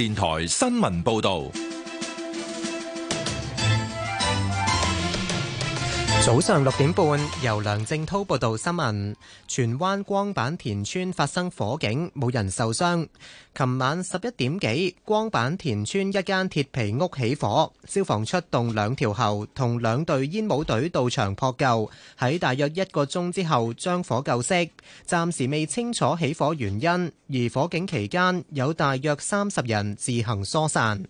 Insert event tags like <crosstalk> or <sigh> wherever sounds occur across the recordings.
電台新聞報道。早上六點半，由梁正滔報道新聞。荃灣光板田村發生火警，冇人受傷。琴晚十一點幾，光板田村一間鐵皮屋起火，消防出動兩條喉同兩隊煙帽隊到場撲救，喺大約一個鐘之後將火救熄。暫時未清楚起火原因，而火警期間有大約三十人自行疏散。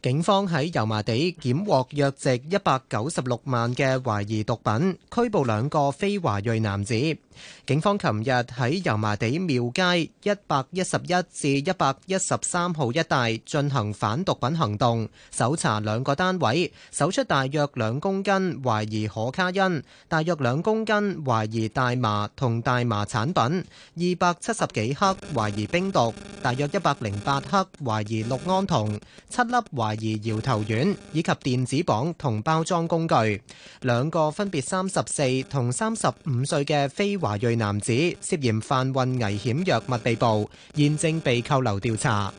警方喺油麻地檢獲約值一百九十六萬嘅懷疑毒品，拘捕兩個非華裔男子。警方琴日喺油麻地廟街一百一十一至一百一十三號一帶進行反毒品行動，搜查兩個單位，搜出大約兩公斤懷疑可卡因，大約兩公斤懷疑大麻同大麻產品，二百七十幾克懷疑冰毒，大約一百零八克懷疑氯胺酮，七粒懷疑搖頭丸，以及電子磅同包裝工具。兩個分別三十四同三十五歲嘅非華華裔男子涉嫌販運危險藥物被捕，現正被扣留調查。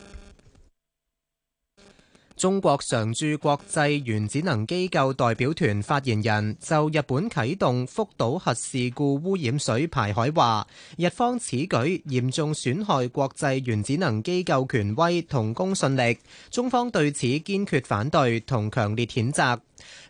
中國常駐國際原子能機構代表團發言人就日本啟動福島核事故污染水排海話，日方此舉嚴重損害國際原子能機構權威同公信力，中方對此堅決反對同強烈譴責。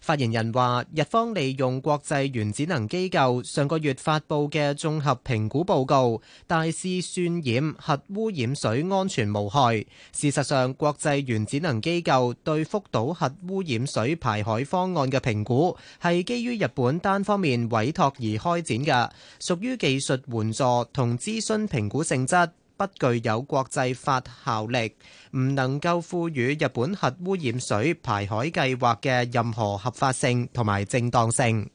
發言人話：日方利用國際原子能機構上個月發布嘅綜合評估報告，大肆渲染核污染水安全無害。事實上，國際原子能機構對福島核污染水排海方案嘅評估，係基於日本單方面委託而開展嘅，屬於技術援助同諮詢評估性質。不具有國際法效力，唔能夠賦予日本核污染水排海計劃嘅任何合法性同埋正當性。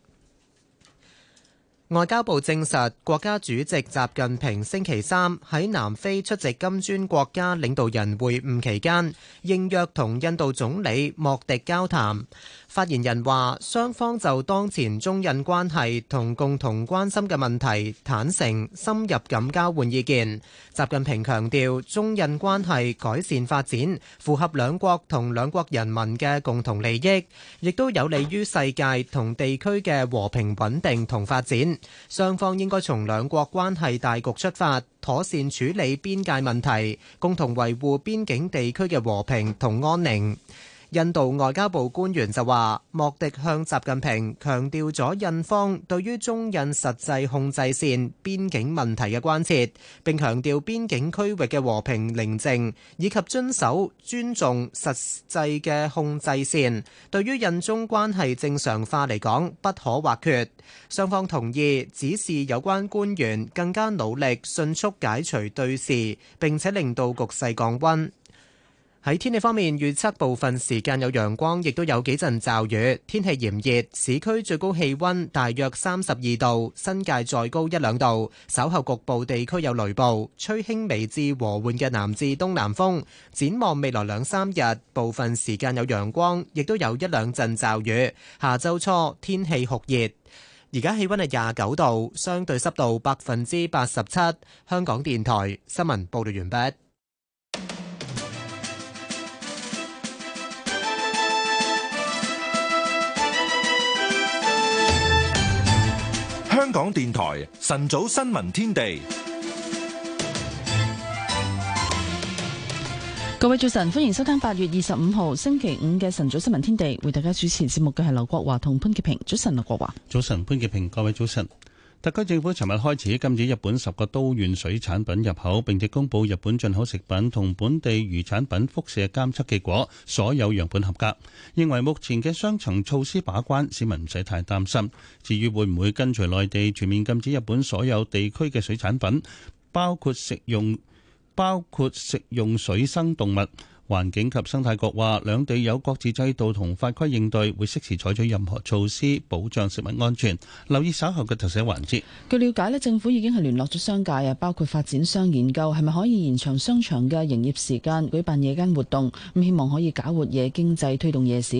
外交部證實，國家主席習近平星期三喺南非出席金磚國家領導人會晤期間，應約同印度總理莫迪交談。發言人話：雙方就當前中印關係同共同關心嘅問題坦誠深入咁交換意見。習近平強調，中印關係改善發展符合兩國同兩國人民嘅共同利益，亦都有利於世界同地區嘅和平穩定同發展。雙方應該從兩國關係大局出發，妥善處理邊界問題，共同維護邊境地區嘅和平同安寧。印度外交部官員就話莫迪向習近平強調咗印方對於中印實際控制線邊境問題嘅關切，並強調邊境區域嘅和平寧靜，以及遵守尊重實際嘅控制線對於印中關係正常化嚟講不可或缺。雙方同意指示有關官員更加努力，迅速解除對峙，並且令到局勢降温。喺天氣方面，預測部分時間有陽光，亦都有幾陣驟雨。天氣炎熱，市區最高氣溫大約三十二度，新界再高一兩度。稍後局部地區有雷暴，吹輕微至和緩嘅南至東南風。展望未來兩三日，部分時間有陽光，亦都有一兩陣驟雨。下周初天氣酷熱。而家氣溫係廿九度，相對濕度百分之八十七。香港電台新聞報道完畢。香港電台晨早新聞天地，各位早晨，歡迎收聽八月二十五號星期五嘅晨早新聞天地。為大家主持節目嘅係劉國華同潘潔平。早晨，劉國華。早晨，潘潔平。各位早晨。特區政府尋日開始禁止日本十個都縣水產品入口，並且公佈日本進口食品同本地漁產品輻射監測結果，所有樣本合格，認為目前嘅雙層措施把關，市民唔使太擔心。至於會唔會跟隨內地全面禁止日本所有地區嘅水產品，包括食用包括食用水生動物。環境及生態局話，兩地有各自制度同法規應對，會適時採取任何措施保障食物安全。留意稍後嘅特寫環節。據了解咧，政府已經係聯絡咗商界啊，包括發展商研究係咪可以延長商場嘅營業時間，舉辦夜間活動，咁希望可以搞活夜經濟，推動夜市。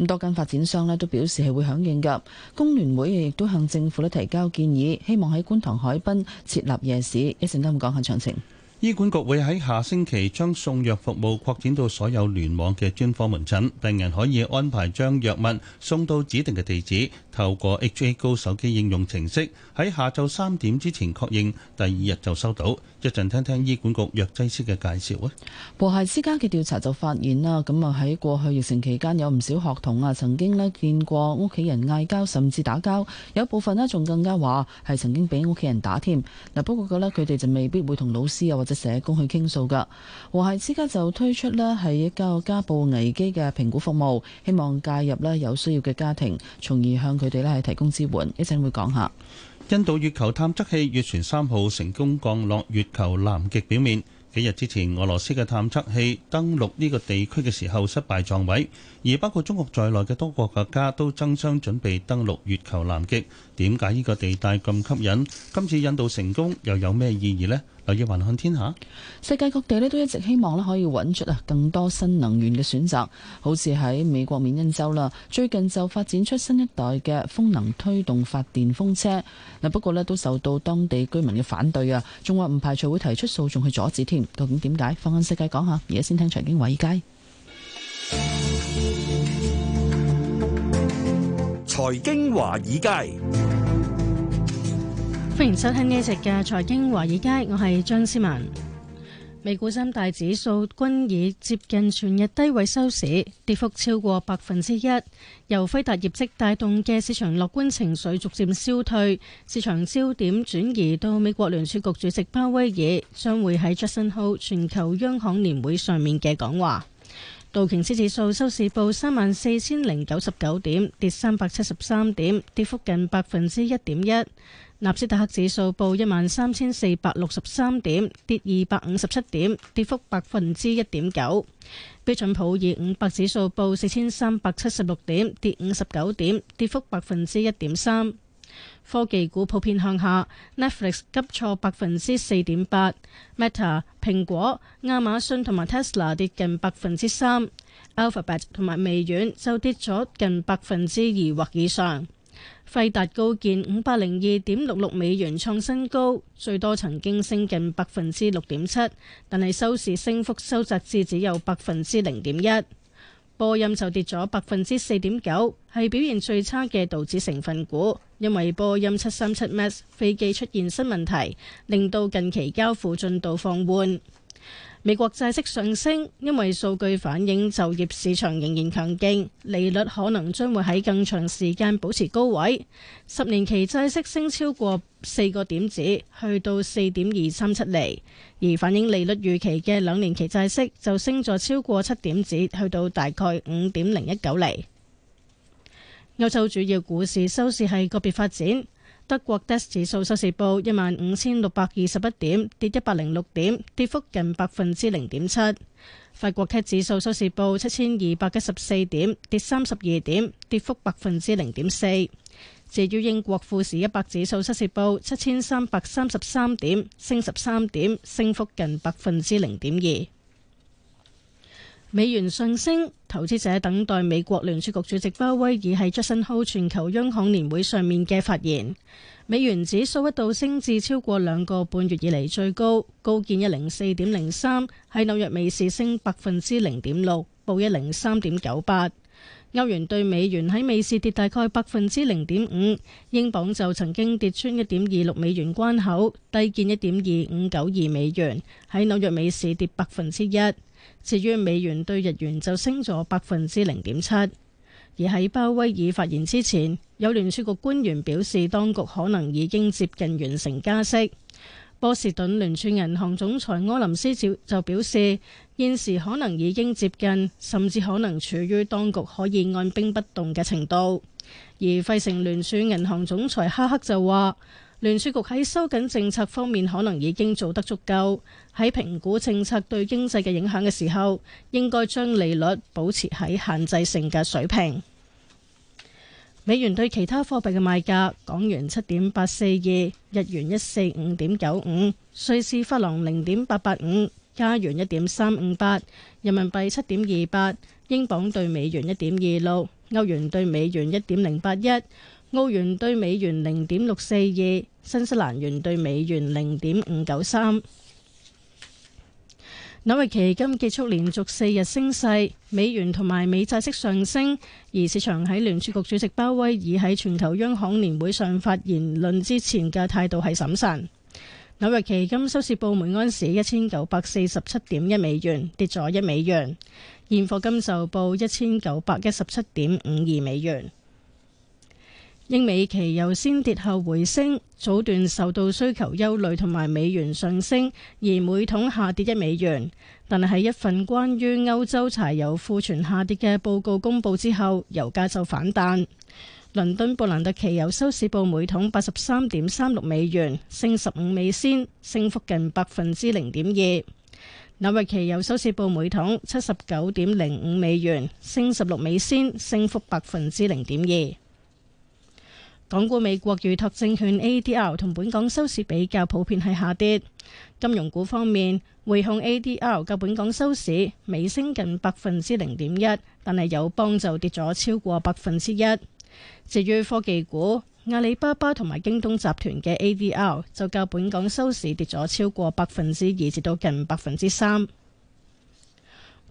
咁多間發展商咧都表示係會響應噶。工聯會亦都向政府咧提交建議，希望喺觀塘海濱設立夜市。會講一陣間，我講下詳情。醫管局會喺下星期將送藥服務擴展到所有聯網嘅專科門診，病人可以安排將藥物送到指定嘅地址。透過 HA Go 手機應用程式喺下晝三點之前確認，第二日就收到。一陣聽聽醫管局藥劑師嘅介紹啊！和諧之家嘅調查就發現啦，咁啊喺過去疫情期間有唔少學童啊曾經呢見過屋企人嗌交，甚至打交。有部分呢仲更加話係曾經俾屋企人打添。嗱，不過覺得佢哋就未必會同老師啊或者社工去傾訴嘅。和諧之家就推出呢係一個家暴危機嘅評估服務，希望介入呢有需要嘅家庭，從而向佢哋咧係提供支援，一陣會講下。印度月球探測器月船三號成功降落月球南極表面。幾日之前，俄羅斯嘅探測器登陸呢個地區嘅時候失敗撞毀，而包括中國在內嘅多個國,國家都爭相準備登陸月球南極。點解呢個地帶咁吸引？今次印度成功又有咩意義呢？留意雲看天下，世界各地咧都一直希望咧可以揾出啊更多新能源嘅選擇，好似喺美國緬因州啦，最近就發展出新一代嘅風能推動發電風車。嗱，不過咧都受到當地居民嘅反對啊，仲話唔排除會提出訴訟去阻止添。究竟點解？放眼世界講下，而家先聽財經華爾街。財經華爾街。歡迎收聽呢一節嘅財經華爾街，我係張思文。美股三大指數均已接近全日低位收市，跌幅超過百分之一。由輝達業績帶動嘅市場樂觀情緒逐漸消退，市場焦點轉移到美國聯儲局主席鮑威爾將會喺 Jackson Hole 全球央行年會上面嘅講話。道瓊斯指數收市報三萬四千零九十九點，跌三百七十三點，跌幅近百分之一點一。納斯達克指數報一萬三千四百六十三點，跌二百五十七點，跌幅百分之一點九。標準普爾五百指數報四千三百七十六點，跌五十九點，跌幅百分之一點三。科技股普遍向下，Netflix 急挫百分之四點八，Meta、蘋果、亞馬遜同埋 Tesla 跌近百分之三，Alphabet 同埋微軟就跌咗近百分之二或以上。費達高見五百零二點六六美元創新高，最多曾經升近百分之六點七，但係收市升幅收窄至只有百分之零點一。波音就跌咗百分之四點九，係表現最差嘅道指成分股，因為波音七三七 MAX 飛機出現新問題，令到近期交付進度放緩。美國債息上升，因為數據反映就業市場仍然強勁，利率可能將會喺更長時間保持高位。十年期債息升超過四個點子，去到四點二三七厘；而反映利率預期嘅兩年期債息就升咗超過七點子，去到大概五點零一九厘。歐洲主要股市收市係個別發展。德國 DAX 指數收市報一萬五千六百二十一點，跌一百零六點，跌幅近百分之零點七。法國 CAC 指數收市報七千二百一十四點，跌三十二點，跌幅百分之零點四。至於英國富時一百指數收市報七千三百三十三點，升十三點，升幅近百分之零點二。美元上升，投資者等待美國聯儲局主席鮑威爾喺積遜豪全球央行年會上面嘅發言。美元指數一度升至超過兩個半月以嚟最高，高見一零四點零三，喺紐約美市升百分之零點六，報一零三點九八。歐元兌美元喺美市跌大概百分之零點五，英鎊就曾經跌穿一點二六美元關口，低見一點二五九二美元，喺紐約美市跌百分之一。至於美元兌日元就升咗百分之零點七，而喺鮑威爾發言之前，有聯儲局官員表示，當局可能已經接近完成加息。波士頓聯儲銀行總裁柯林斯就表示，現時可能已經接近，甚至可能處於當局可以按兵不動嘅程度。而費城聯儲銀行總裁哈克就話：聯儲局喺收緊政策方面可能已經做得足夠。喺評估政策對經濟嘅影響嘅時候，應該將利率保持喺限制性嘅水平。美元對其他貨幣嘅賣價：港元七點八四二，日元一四五點九五，瑞士法郎零點八八五，加元一點三五八，人民幣七點二八，英鎊對美元一點二六，歐元對美元一點零八一。澳元對美元零點六四二，新西蘭元對美元零點五九三。紐約期金結束連續四日升勢，美元同埋美債息上升，而市場喺聯儲局主席鮑威爾喺全球央行年會上發言論之前嘅態度係審慎。紐約期金收市報每盎司一千九百四十七點一美元，跌咗一美元。現貨金就報一千九百一十七點五二美元。英美期油先跌後回升，早段受到需求憂慮同埋美元上升，而每桶下跌一美元。但係一份關於歐洲柴油庫存下跌嘅報告公佈之後，油價就反彈。倫敦布蘭特期油收市報每桶八十三點三六美元，升十五美仙，升幅近百分之零點二。紐約期油收市報每桶七十九點零五美元，升十六美仙，升幅百分之零點二。港股美國預託證券 A D R 同本港收市比較普遍係下跌。金融股方面，匯控 A D R 較本港收市微升近百分之零點一，但係友邦就跌咗超過百分之一。至於科技股，阿里巴巴同埋京東集團嘅 A D R 就較本港收市跌咗超過百分之二，至到近百分之三。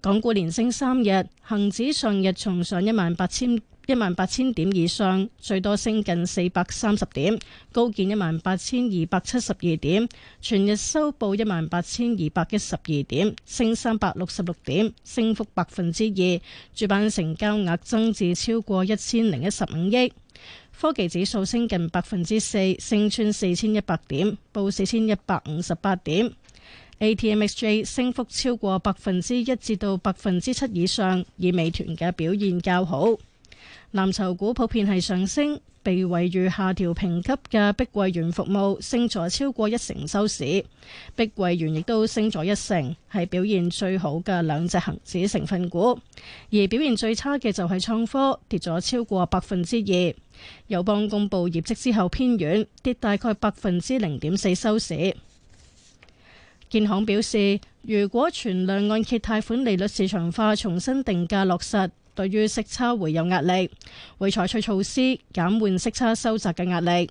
港股連升三日，恒指上日重上一萬八千，一萬八千點以上，最多升近四百三十點，高見一萬八千二百七十二點，全日收報一萬八千二百一十二點，升三百六十六點，升幅百分之二。主板成交額增至超過一千零一十五億。科技指數升近百分之四，升穿四千一百點，報四千一百五十八點。A T M X J 升幅超過百分之一至到百分之七以上，以美團嘅表現較好。藍籌股普遍係上升，被惠譽下調評級嘅碧桂園服務升咗超過一成收市，碧桂園亦都升咗一成，係表現最好嘅兩隻恒指成分股。而表現最差嘅就係創科，跌咗超過百分之二。友邦公布業績之後偏軟，跌大概百分之零點四收市。建行表示，如果存量按揭貸款利率市場化重新定價落實，對於息差會有壓力，會採取措施減緩息差收窄嘅壓力。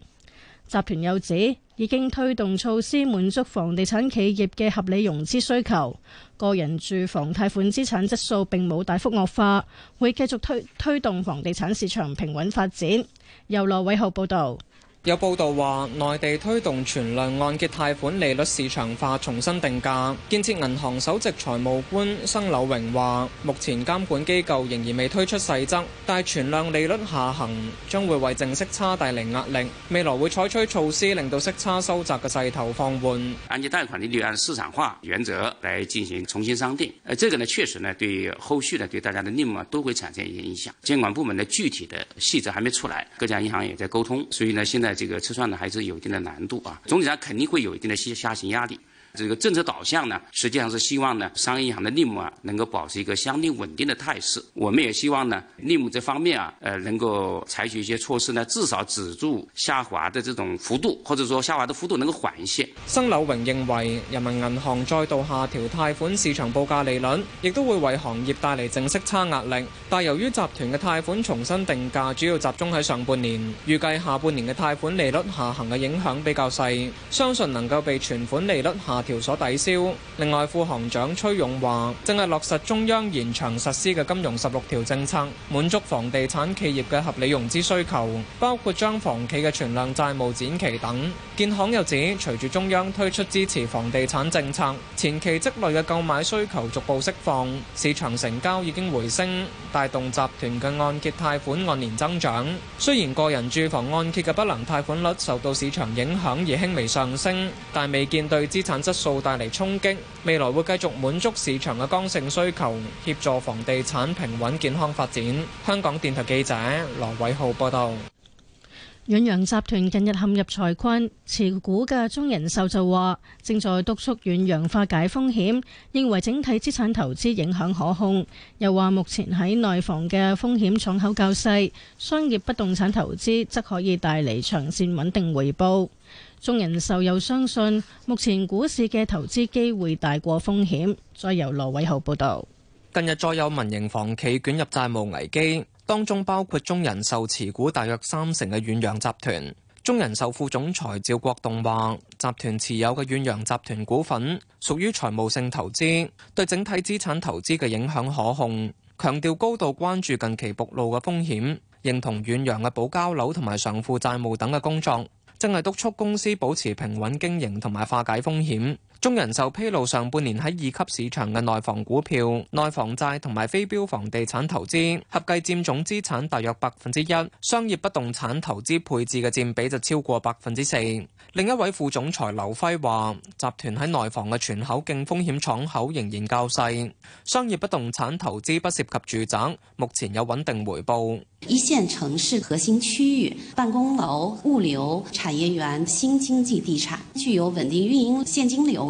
集團又指已經推動措施滿足房地產企業嘅合理融資需求，個人住房貸款資產質素並冇大幅惡化，會繼續推推動房地產市場平穩發展。由羅偉浩報導。有報道話，內地推動存量按揭貸款利率市場化重新定價。建設銀行首席財務官生柳榮話，目前監管機構仍然未推出細則，但存量利率下行將會為淨息差帶來壓力。未來會採取措施，令到息差收窄嘅勢頭放緩。按揭貸款利率按市場化原則來進行重新商定。誒，這個呢，確實呢，對後續呢，對大家的利率都會產生一些影響。監管部門的具體的細則還沒出來，各家銀行也在溝通，所以呢，現在。這個測算呢，還是有一定的難度啊。總體上肯定會有一定的下下行壓力。這個政策導向呢，實際上是希望呢，商業銀行的利母啊能夠保持一個相對穩定的態勢。我們也希望呢，利母這方面啊，呃能夠採取一些措施呢，至少止住下滑的這種幅度，或者說下滑的幅度能夠緩一些。曾柳榮認為，人民銀行再度下調貸款市場報價利率，亦都會為行業帶嚟淨息差壓力。但由於集團嘅貸款重新定價主要集中喺上半年，預計下半年嘅貸款利率下行嘅影響比較細，相信能夠被存款利率下。條所抵消。另外，副行長崔勇話，正係落實中央延長實施嘅金融十六條政策，滿足房地產企業嘅合理融資需求，包括將房企嘅存量債務展期等。建行又指，隨住中央推出支持房地產政策，前期積累嘅購買需求逐步釋放，市場成交已經回升，帶動集團嘅按揭貸款按年增長。雖然個人住房按揭嘅不良貸款率受到市場影響而輕微上升，但未見對資產。質素帶嚟衝擊，未來會繼續滿足市場嘅剛性需求，協助房地產平穩健康發展。香港電台記者羅偉浩報道。遠洋集團近日陷入財困，持股嘅中人壽就話正在督促遠洋化解風險，認為整體資產投資影響可控。又話目前喺內房嘅風險敞口較細，商業不動產投資則可以帶嚟長線穩定回報。中人壽又相信，目前股市嘅投資機會大過風險。再由羅偉豪報道，近日再有民營房企捲入債務危機，當中包括中人壽持股大約三成嘅遠洋集團。中人壽副總裁趙國棟話，集團持有嘅遠洋集團股份屬於財務性投資，對整體資產投資嘅影響可控。強調高度關注近期暴露嘅風險，認同遠洋嘅保交樓同埋償付債務等嘅工作。正係督促公司保持平穩經營同埋化解風險。中人壽披露上半年喺二級市場嘅內房股票、內房債同埋非標房地產投資合計佔總資產大約百分之一，商業不動產投資配置嘅佔比就超過百分之四。另一位副總裁劉輝話：集團喺內房嘅全口徑風險敞口仍然較細，商業不動產投資不涉及住宅，目前有穩定回報。一線城市核心區域、辦公樓、物流、產業園、新經濟地產具有穩定運營現金流。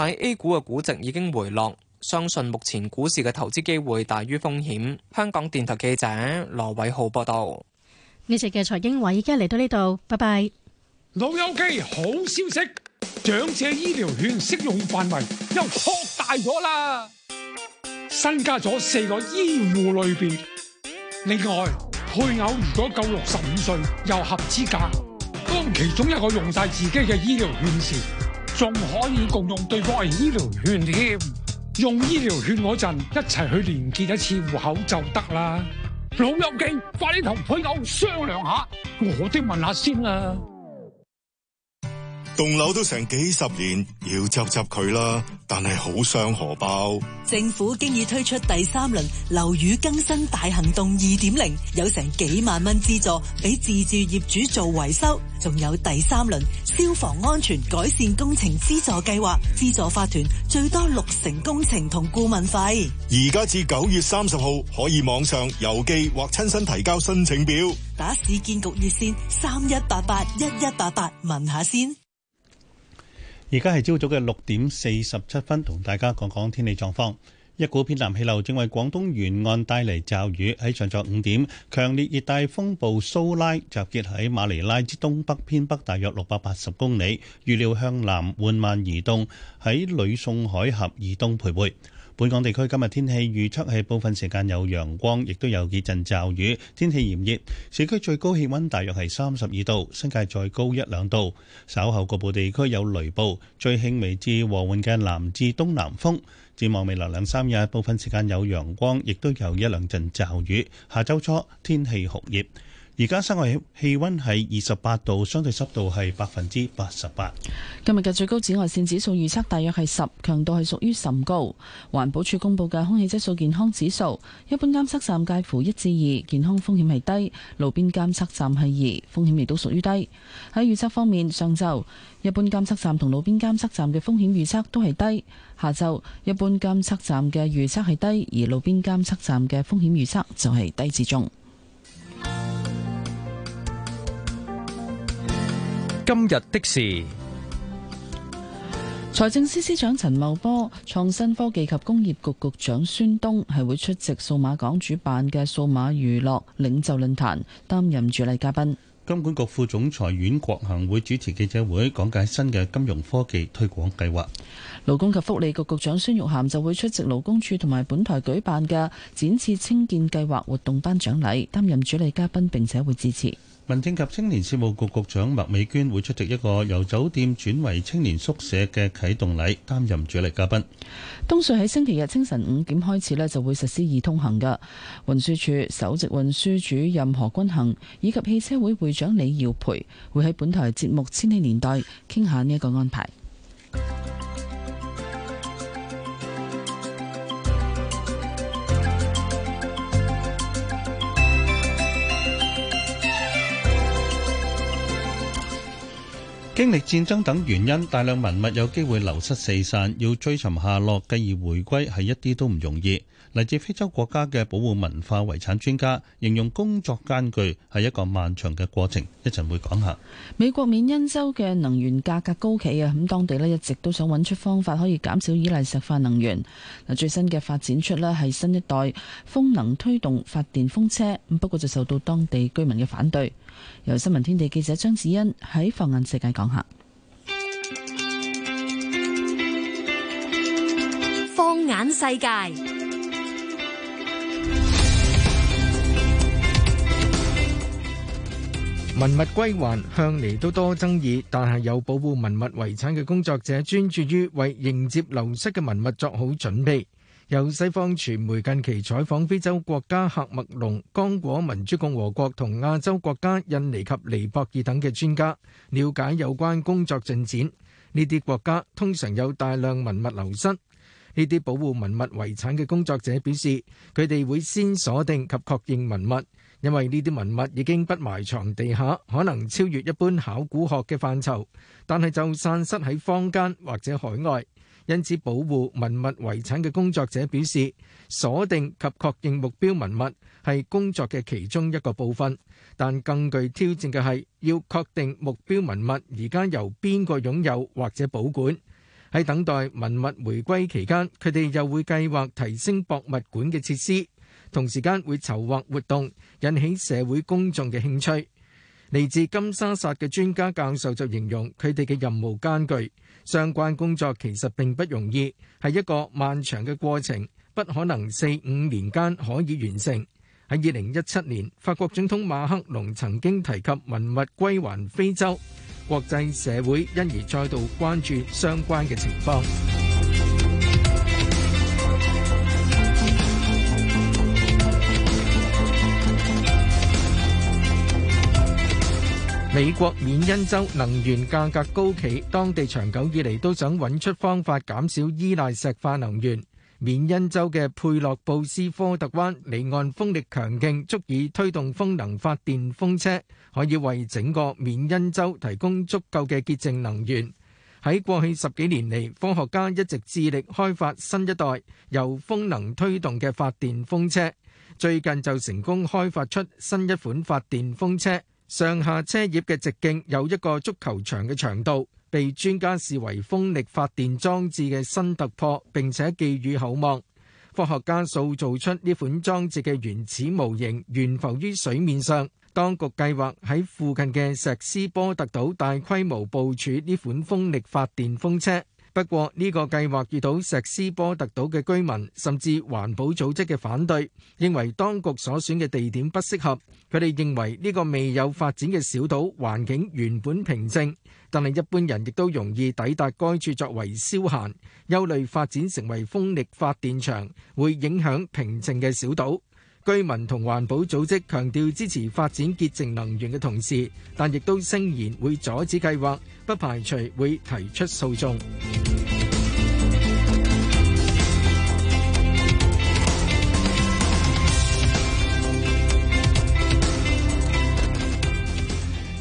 但 A 股嘅估值已經回落，相信目前股市嘅投資機會大於風險。香港電台記者羅偉浩報道。呢次嘅財英偉而家嚟到呢度，拜拜。老友記好消息，長者醫療券適用範圍又擴大咗啦，新加咗四個醫護類別。另外，配偶如果夠六十五歲又合資格，當其中一個用晒自己嘅醫療券時。仲可以共用對方嘅醫療券添，用醫療券嗰陣一齊去連結一次戶口就得啦。老友記，快啲同配偶商量下，我哋問下先啦，啊。棟樓都成幾十年，要執執佢啦，但係好傷荷包。政府經已推出第三輪樓宇更新大行動二點零，有成幾萬蚊資助俾自住業主做維修，仲有第三輪消防安全改善工程資助計劃，資助法團最多六成工程同顧問費。而家至九月三十號可以網上郵寄或親身提交申請表，打市建局熱線三一八八一一八八問下先。而家係朝早嘅六點四十七分，同大家講講天氣狀況。一股偏南氣流正為廣東沿岸帶嚟驟雨，喺上晝五點，強烈熱帶風暴蘇拉集結喺馬尼拉之東北偏北大約六百八十公里，預料向南緩慢移動，喺呂宋海峽以東徘徊。本港地區今日天氣預測係部分時間有陽光，亦都有幾陣驟雨，天氣炎熱。市區最高氣溫大約係三十二度，新界再高一兩度。稍後局部地區有雷暴。最輕微至和緩嘅南至東南風。展望未來兩三日，部分時間有陽光，亦都有一兩陣驟雨。下周初天氣酷熱。而家室外氣溫係二十八度，相對濕度係百分之八十八。今日嘅最高紫外線指數預測大約係十，強度係屬於甚高。環保署公布嘅空氣質素健康指數，一般監測站介乎一至二，健康風險係低；路邊監測站係二，風險亦都屬於低。喺預測方面，上晝一般監測站同路邊監測站嘅風險預測都係低。下晝一般監測站嘅預測係低，而路邊監測站嘅風險預測就係低至中。今日的事，財政司司長陳茂波、創新科技及工業局局長孫東係會出席數碼港主辦嘅數碼娛樂領袖論壇，擔任主禮嘉賓。金管局副總裁阮國恒會主持記者會，講解新嘅金融科技推廣計劃。勞工及福利局局長孫玉菡就會出席勞工處同埋本台舉辦嘅展翅青見計劃活動頒獎禮，擔任主禮嘉賓，並且會致辭。民政及青年事務局局長麥美娟會出席一個由酒店轉為青年宿舍嘅啟動禮，擔任主禮嘉賓。東隧喺星期日清晨五點開始呢就會實施易通行嘅。運輸署首席運輸主任何君衡以及汽車會會長李耀培會喺本台節目《千禧年代》傾下呢一個安排。 <music> 經歷戰爭等原因，大量文物有機會流失四散，要追尋下落，繼而回歸係一啲都唔容易。嚟自非洲國家嘅保護文化遺產專家形容工作艱巨，係一個漫長嘅過程。一陣會講下。美國緬因州嘅能源價格高企啊，咁當地咧一直都想揾出方法可以減少依賴石化能源。嗱，最新嘅發展出咧係新一代風能推動發電風車，不過就受到當地居民嘅反對。由新聞天地記者張子欣喺放眼世界講下。放眼世界，文物歸還向嚟,都多爭議，但係有保護文物遺產嘅工作者專注於為迎接流失嘅文物作好準備。由西方傳媒近期採訪非洲國家喀麥隆、剛果民主共和國同亞洲國家印尼及尼泊爾等嘅專家，了解有關工作進展。呢啲國家通常有大量文物流失，呢啲保護文物遺產嘅工作者表示，佢哋會先鎖定及確認文物，因為呢啲文物已經不埋藏地下，可能超越一般考古學嘅範疇，但係就散失喺坊間或者海外。因此，保護文物遺產嘅工作者表示，鎖定及確認目標文物係工作嘅其中一個部分，但更具挑戰嘅係要確定目標文物而家由邊個擁有或者保管。喺等待文物回歸期間，佢哋又會計劃提升博物館嘅設施，同時間會籌劃活動，引起社會公眾嘅興趣。嚟自金沙薩嘅專家教授就形容，佢哋嘅任務艱巨，相關工作其實並不容易，係一個漫長嘅過程，不可能四五年間可以完成。喺二零一七年，法國總統馬克龍曾經提及文物歸還非洲，國際社會因而再度關注相關嘅情況。美國緬因州能源價格高企，當地長久以嚟都想揾出方法減少依賴石化能源。緬因州嘅佩洛布斯科特灣離岸風力強勁，足以推動風能發電風車，可以為整個緬因州提供足夠嘅潔淨能源。喺過去十幾年嚟，科學家一直致力開發新一代由風能推動嘅發電風車，最近就成功開發出新一款發電風車。上下車葉嘅直徑有一個足球場嘅長度，被專家視為風力發電裝置嘅新突破，並且寄予厚望。科學家塑造出呢款裝置嘅原始模型，懸浮於水面上。當局計劃喺附近嘅石斯波特島大規模部署呢款風力發電風車。不過呢個計劃遇到石斯波特島嘅居民，甚至環保組織嘅反對，認為當局所選嘅地點不適合。佢哋認為呢個未有發展嘅小島環境原本平靜，但係一般人亦都容易抵達該處作為消閒，憂慮發展成為風力發電場，會影響平靜嘅小島。居民同環保組織強調支持發展潔淨能源嘅同時，但亦都聲言會阻止計劃，不排除會提出訴訟。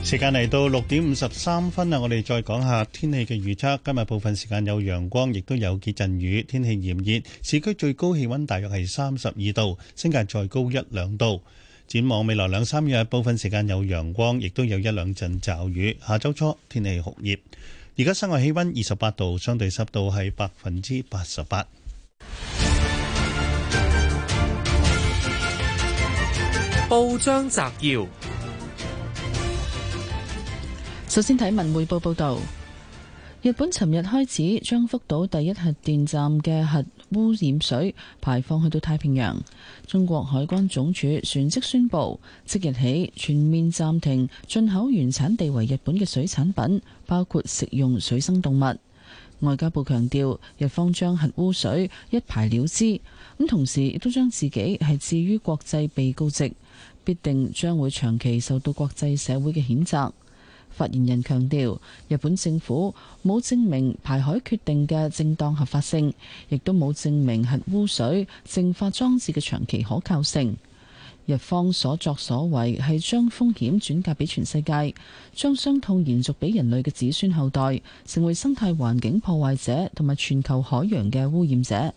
時間嚟到六點五十三分啦，我哋再講下天氣嘅預測。今日部分時間有陽光，亦都有幾陣雨，天氣炎熱。市區最高氣溫大約係三十二度，新界再高一兩度。展望未來兩三日，1，部分時間有陽光，亦都有一兩陣驟雨。下周初天氣酷熱。而家室外氣溫二十八度，相對濕度係百分之八十八。報章摘要。首先睇文匯報報道，日本尋日開始將福島第一核電站嘅核污染水排放去到太平洋。中國海關總署隨即宣布，即日起全面暫停進口原產地為日本嘅水產品，包括食用水生動物。外交部強調，日方將核污水一排了之，咁同時亦都將自己係置於國際被告席，必定將會長期受到國際社會嘅譴責。發言人強調，日本政府冇證明排海決定嘅正當合法性，亦都冇證明核污水淨化裝置嘅長期可靠性。日方所作所為係將風險轉嫁俾全世界，將傷痛延續俾人類嘅子孫後代，成為生態環境破壞者同埋全球海洋嘅污染者。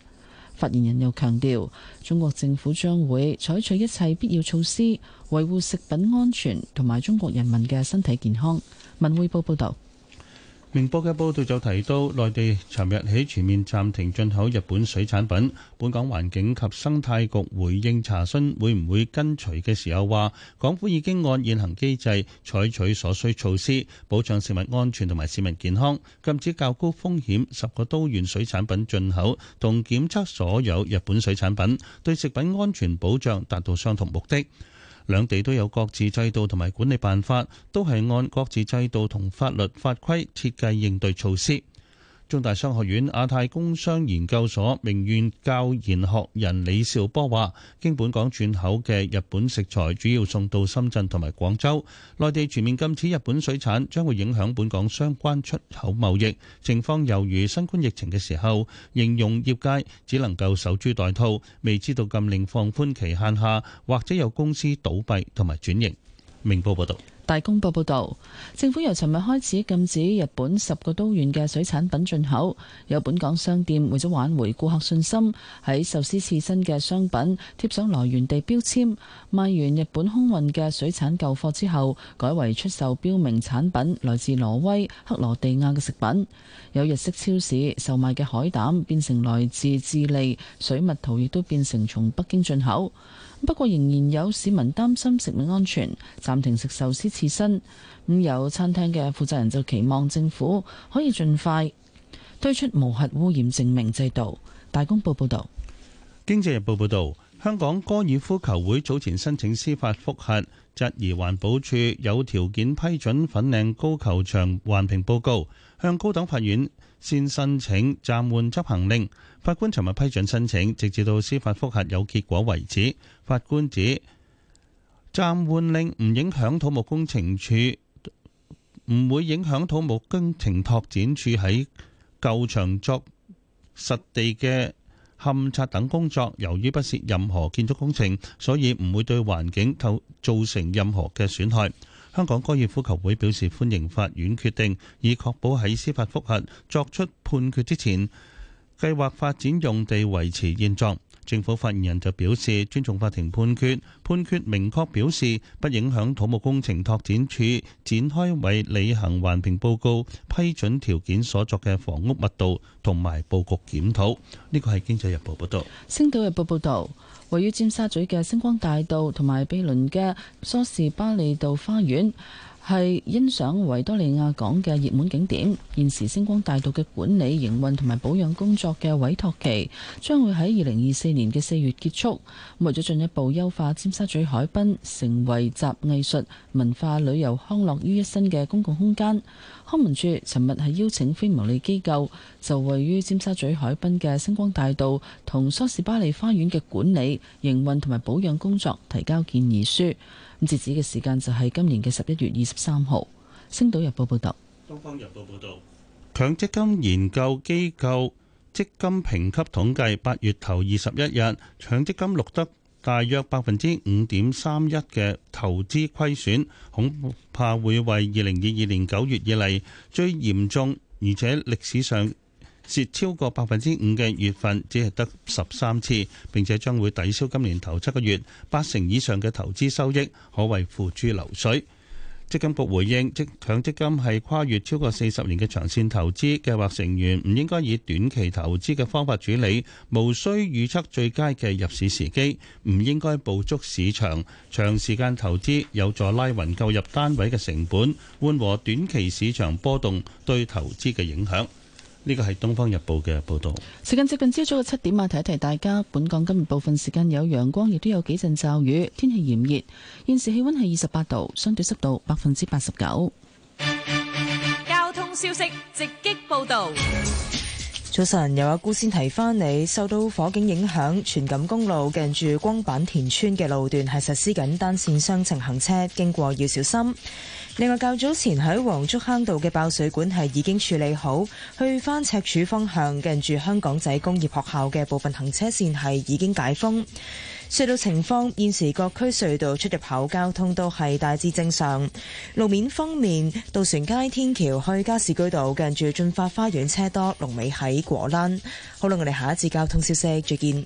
發言人又強調，中國政府將會採取一切必要措施，維護食品安全同埋中國人民嘅身體健康。文匯報報導。明報嘅報導就提到，內地尋日起全面暫停進口日本水產品。本港環境及生態局回應查詢會唔會跟隨嘅時候，話港府已經按現行機制採取所需措施，保障食物安全同埋市民健康，禁止較高風險十個都縣水產品進口，同檢測所有日本水產品，對食品安全保障達到相同目的。兩地都有各自制度同埋管理辦法，都係按各自制度同法律法規設計應對措施。中大商學院亞太工商研究所名譽教研學人李兆波話，經本港轉口嘅日本食材主要送到深圳同埋廣州。內地全面禁止日本水產將會影響本港相關出口貿易，情況猶如新冠疫情嘅時候，形容業界只能夠守株待兔，未知道禁令放寬期限下，或者有公司倒閉同埋轉型。明報報道。大公報報道，政府由尋日開始禁止日本十個都縣嘅水產品進口。有本港商店為咗挽回顧客信心，喺壽司刺身嘅商品貼上來源地標籤。賣完日本空運嘅水產舊貨之後，改為出售標明產品來自挪威、克羅地亞嘅食品。有日式超市售賣嘅海膽變成來自智利，水蜜桃亦都變成從北京進口。不過仍然有市民擔心食物安全，暫停食壽司刺身。咁有餐廳嘅負責人就期望政府可以盡快推出無核污染證明制度。大公報報道。《經濟日報》報道，香港高爾夫球會早前申請司法覆核，質疑環保署有條件批准粉嶺高球場環評報告，向高等法院先申請暫緩執行令。法官尋日批准申請，直至到司法覆核有結果為止。法官指暫緩令唔影響土木工程署，唔會影響土木工程拓展署喺舊場作實地嘅勘察等工作。由於不涉任何建築工程，所以唔會對環境構造成任何嘅損害。香港高爾夫球會表示歡迎法院決定，以確保喺司法覆核作出判決之前。計劃發展用地維持現狀，政府發言人就表示尊重法庭判決，判決明確表示不影響土木工程拓展署展開為履行環評報告批准條件所作嘅房屋密度同埋布局檢討。呢個係經濟日報報道。星島日報報道，位於尖沙咀嘅星光大道同埋毗鄰嘅梳士巴利道花園。係欣賞維多利亞港嘅熱門景點，現時星光大道嘅管理、營運同埋保養工作嘅委託期將會喺二零二四年嘅四月結束。咁為咗進一步優化尖沙咀海濱，成為集藝術、文化、旅遊康樂於一身嘅公共空間。康文署尋日係邀請非牟利機構就位於尖沙咀海濱嘅星光大道同梳士巴利花園嘅管理、營運同埋保養工作提交建議書。截止嘅時間就係今年嘅十一月二十三號。星島日報報道。東方日報報道，強積金研究機構積金評級統計，八月頭二十一日，強積金錄得大約百分之五點三一嘅投資虧損，恐怕會為二零二二年九月以嚟最嚴重，而且歷史上蝕超過百分之五嘅月份，只係得十三次。並且將會抵消今年頭七個月八成以上嘅投資收益，可謂付諸流水。積金局回應，即強積金係跨越超過四十年嘅長線投資計劃成員唔應該以短期投資嘅方法處理，無需預測最佳嘅入市時機，唔應該捕捉市場，長時間投資有助拉匀購入單位嘅成本，緩和短期市場波動對投資嘅影響。呢個係《東方日報》嘅報道。時間接近朝早嘅七點啊，提一提大家，本港今日部分時間有陽光，亦都有幾陣驟雨，天氣炎熱。現時氣溫係二十八度，相對濕度百分之八十九。交通消息直擊報道。早晨，有阿姑先提翻你，受到火警影響，荃錦公路近住光板田村嘅路段係實施緊單線雙程行車，經過要小心。另外，較早前喺黃竹坑道嘅爆水管係已經處理好，去翻赤柱方向近住香港仔工業學校嘅部分行車線係已經解封，隧道情況，現時各區隧道出入口交通都係大致正常。路面方面，渡船街天橋去加士居道近住駿發花園車多，龍尾喺果欄。好啦，我哋下一次交通消息再見。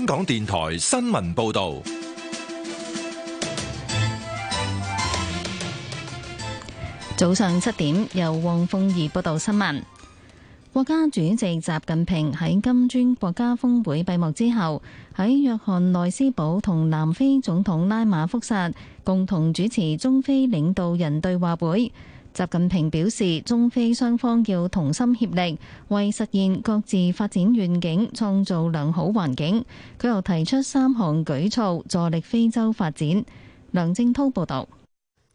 香港電台新聞報道，早上七點，由黃鳳儀報道新聞。國家主席習近平喺金磚國家峰會閉幕之後，喺約翰內斯堡同南非總統拉馬福薩共同主持中非領導人對話會。習近平表示，中非雙方要同心協力，為實現各自發展願景創造良好環境。佢又提出三項舉措，助力非洲發展。梁正濤報道。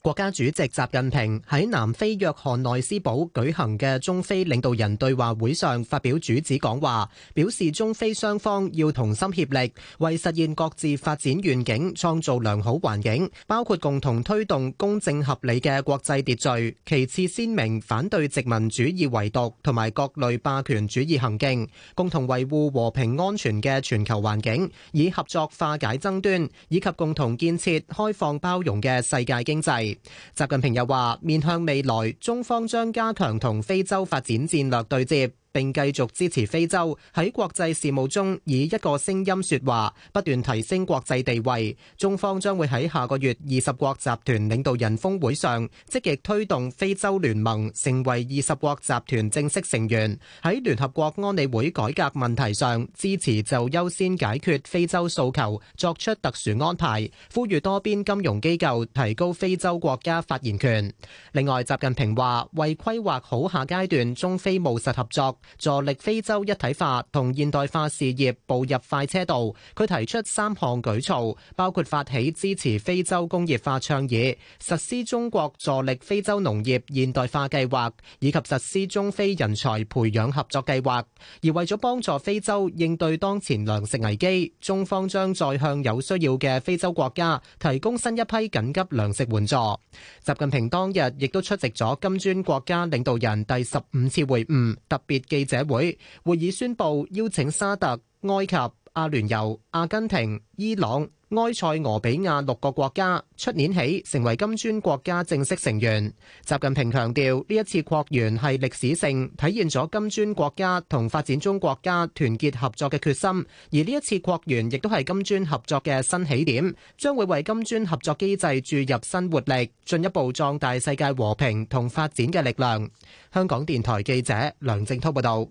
國家主席習近平喺南非約翰內斯堡舉行嘅中非領導人對話會上發表主旨講話，表示中非雙方要同心協力，為實現各自發展願景創造良好環境，包括共同推動公正合理嘅國際秩序，其次鮮明反對殖民主義、唯獨同埋各類霸權主義行徑，共同維護和平安全嘅全球環境，以合作化解爭端，以及共同建設開放包容嘅世界經濟。習近平又話，面向未來，中方將加強同非洲發展戰略對接。並繼續支持非洲，喺國際事務中以一個聲音說話，不斷提升國際地位。中方將會喺下個月二十國集團領導人峰會上，積極推動非洲聯盟成為二十國集團正式成員。喺聯合國安理會改革問題上，支持就優先解決非洲訴求，作出特殊安排，呼籲多邊金融機構提高非洲國家發言權。另外，習近平話，為規劃好下階段中非務實合作，助力非洲一體化同現代化事業步入快車道，佢提出三項舉措，包括發起支持非洲工業化倡議、實施中國助力非洲農業現代化計劃以及實施中非人才培養合作計劃。而為咗幫助非洲應對當前糧食危機，中方將再向有需要嘅非洲國家提供新一批緊急糧食援助。習近平當日亦都出席咗金磚國家領導人第十五次會晤，特別記者會會議宣布邀請沙特、埃及、阿聯酋、阿根廷、伊朗。埃塞俄比亞六個國家出年起成為金磚國家正式成員。習近平強調，呢一次擴員係歷史性，體現咗金磚國家同發展中國家團結合作嘅決心。而呢一次擴員亦都係金磚合作嘅新起點，將會為金磚合作機制注入新活力，進一步壯大世界和平同發展嘅力量。香港電台記者梁靜濤報道。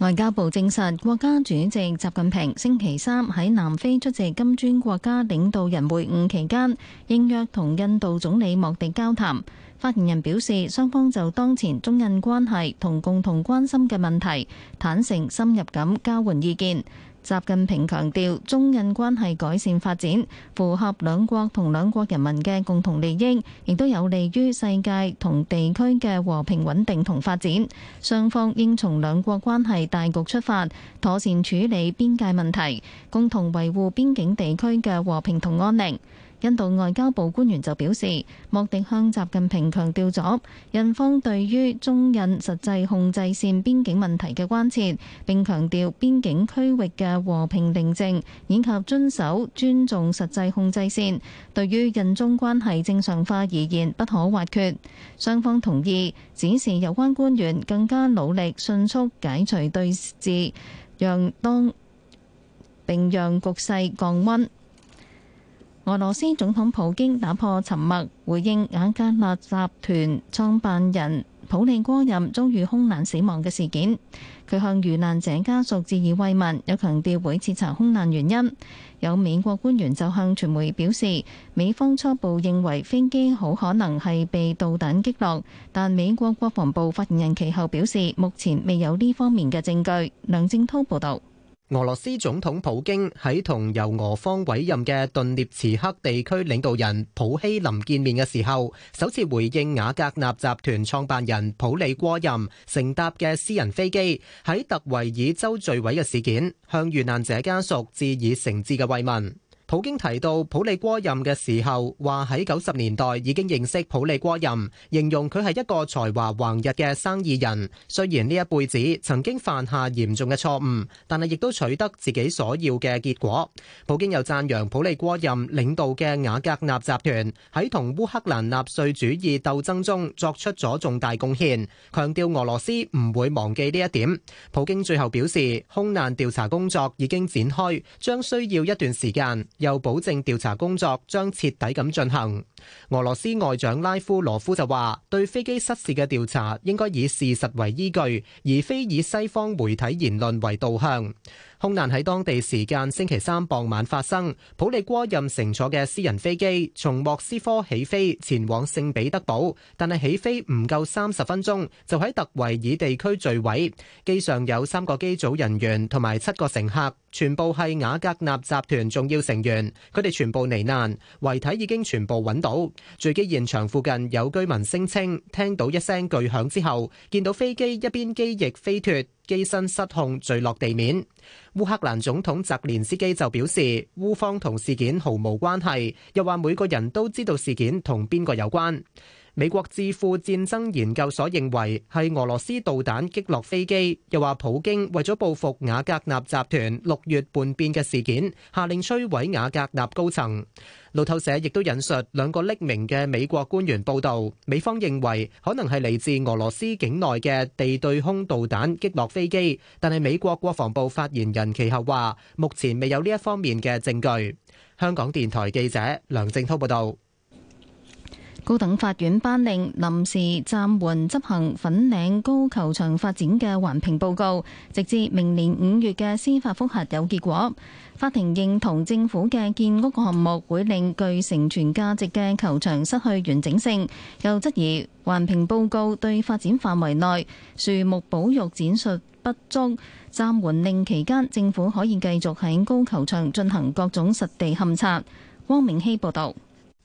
外交部證實，國家主席習近平星期三喺南非出席金磚國家領導人會晤期間，應約同印度總理莫迪交談。發言人表示，雙方就當前中印關係同共同關心嘅問題，坦誠深入咁交換意見。習近平強調，中印關係改善發展，符合兩國同兩國人民嘅共同利益，亦都有利於世界同地區嘅和平穩定同發展。雙方應從兩國關係大局出發，妥善處理邊界問題，共同維護邊境地區嘅和平同安寧。印度外交部官員就表示，莫迪向習近平強調咗印方對於中印實際控制線邊境問題嘅關切，並強調邊境區域嘅和平定政以及遵守尊重實際控制線對於印中關係正常化而言不可或缺。雙方同意指示有關官員更加努力，迅速解除對峙，讓當並讓局勢降溫。俄羅斯總統普京打破沉默，回應瓦格納集團創辦人普利戈任遭遇空難死亡嘅事件。佢向遇難者家屬致以慰問，又強調會徹查空難原因。有美國官員就向傳媒表示，美方初步認為飛機好可能係被導彈擊落，但美國國防部發言人其後表示，目前未有呢方面嘅證據。梁正濤報道。俄羅斯總統普京喺同由俄方委任嘅頓涅茨克地區領導人普希林見面嘅時候，首次回應瓦格納集團創辦人普里戈任乘搭嘅私人飛機喺特維爾州墜毀嘅事件，向遇難者家屬致以誠摯嘅慰問。普京提到普利戈任嘅時候，話喺九十年代已經認識普利戈任，形容佢係一個才華橫溢嘅生意人。雖然呢一輩子曾經犯下嚴重嘅錯誤，但係亦都取得自己所要嘅結果。普京又讚揚普利戈任領導嘅瓦格納集團喺同烏克蘭納粹主義鬥爭中作出咗重大貢獻，強調俄羅斯唔會忘記呢一點。普京最後表示，空難調查工作已經展開，將需要一段時間。又保證調查工作將徹底咁進行。俄羅斯外長拉夫羅夫就話：對飛機失事嘅調查應該以事實為依據，而非以西方媒體言論為導向。空難喺當地時間星期三傍晚發生，普里戈任乘坐嘅私人飛機從莫斯科起飛前往聖彼得堡，但係起飛唔夠三十分鐘就喺特維爾地區墜毀。機上有三個機組人員同埋七個乘客，全部係瓦格納集團重要成員，佢哋全部罹難，遺體已經全部揾到。墜機現場附近有居民聲稱聽到一聲巨響之後，見到飛機一邊機翼飛脫，機身失控墜落地面。烏克蘭總統澤連斯基就表示，烏方同事件毫無關係，又話每個人都知道事件同邊個有關。美國智庫戰爭研究所認為係俄羅斯導彈擊落飛機，又話普京為咗報復瓦格納集團六月叛變嘅事件，下令摧毀瓦格納高層。路透社亦都引述兩個匿名嘅美國官員報導，美方認為可能係嚟自俄羅斯境內嘅地對空導彈擊落飛機，但係美國國防部發言人其後話，目前未有呢一方面嘅證據。香港電台記者梁正濤報道。高等法院頒令臨時暫緩執行粉嶺高球場發展嘅環評報告，直至明年五月嘅司法複核有結果。法庭認同政府嘅建屋項目會令具承傳價值嘅球場失去完整性，又質疑環評報告對發展範圍內樹木保育展述不足。暫緩令期間，政府可以繼續喺高球場進行各種實地勘察。汪明希報道。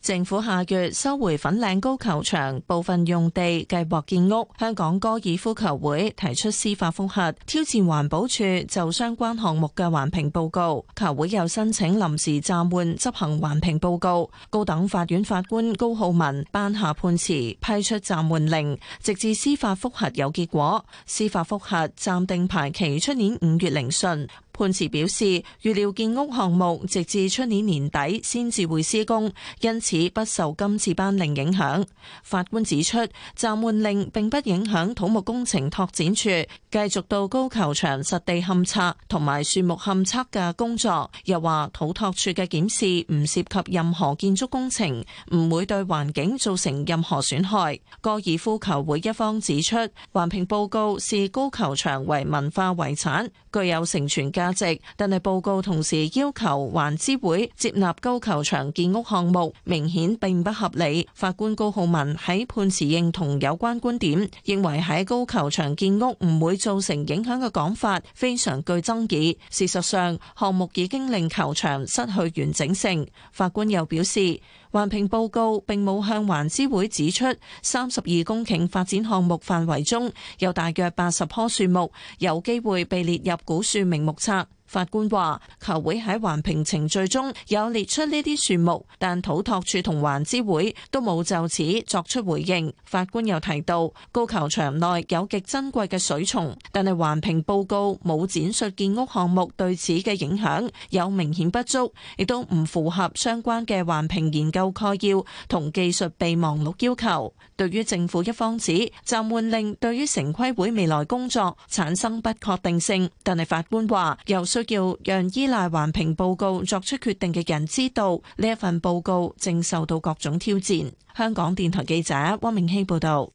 政府下月收回粉嶺高球場部分用地，計劃建屋。香港哥爾夫球會提出司法覆核，挑戰環保署就相關項目嘅環評報告。球會又申請臨時暫緩執行環評報告。高等法院法官高浩文頒下判詞，批出暫緩令，直至司法覆核有結果。司法覆核暫定排期出年五月聆訊。判詞表示預料建屋項目直至出年年底先至會施工，因此不受今次頒令影響。法官指出暫緩令並不影響土木工程拓展處繼續到高球場實地勘測同埋樹木勘測嘅工作。又話土拓處嘅檢視唔涉及任何建築工程，唔會對環境造成任何損害。哥爾夫球會一方指出環評報告視高球場為文化遺產，具有承傳價。但係報告同時要求環資會接納高球場建屋項目，明顯並不合理。法官高浩文喺判詞認同有關觀點，認為喺高球場建屋唔會造成影響嘅講法非常具爭議。事實上，項目已經令球場失去完整性。法官又表示：環評報告並冇向環諮會指出，三十二公頃發展項目範圍中有大約八十棵樹木有機會被列入古樹名目冊。法官話：球會喺環評程序中有列出呢啲樹木，但土托處同環諮會都冇就此作出回應。法官又提到，高球場內有極珍貴嘅水松，但係環評報告冇展述建屋項目對此嘅影響，有明顯不足，亦都唔符合相關嘅環評研究概要同技術備忘錄要求。對於政府一方指暫緩令對於城規會未來工作產生不確定性，但係法官話又需。叫讓依賴環評報告作出決定嘅人知道，呢一份報告正受到各種挑戰。香港電台記者汪明希報道。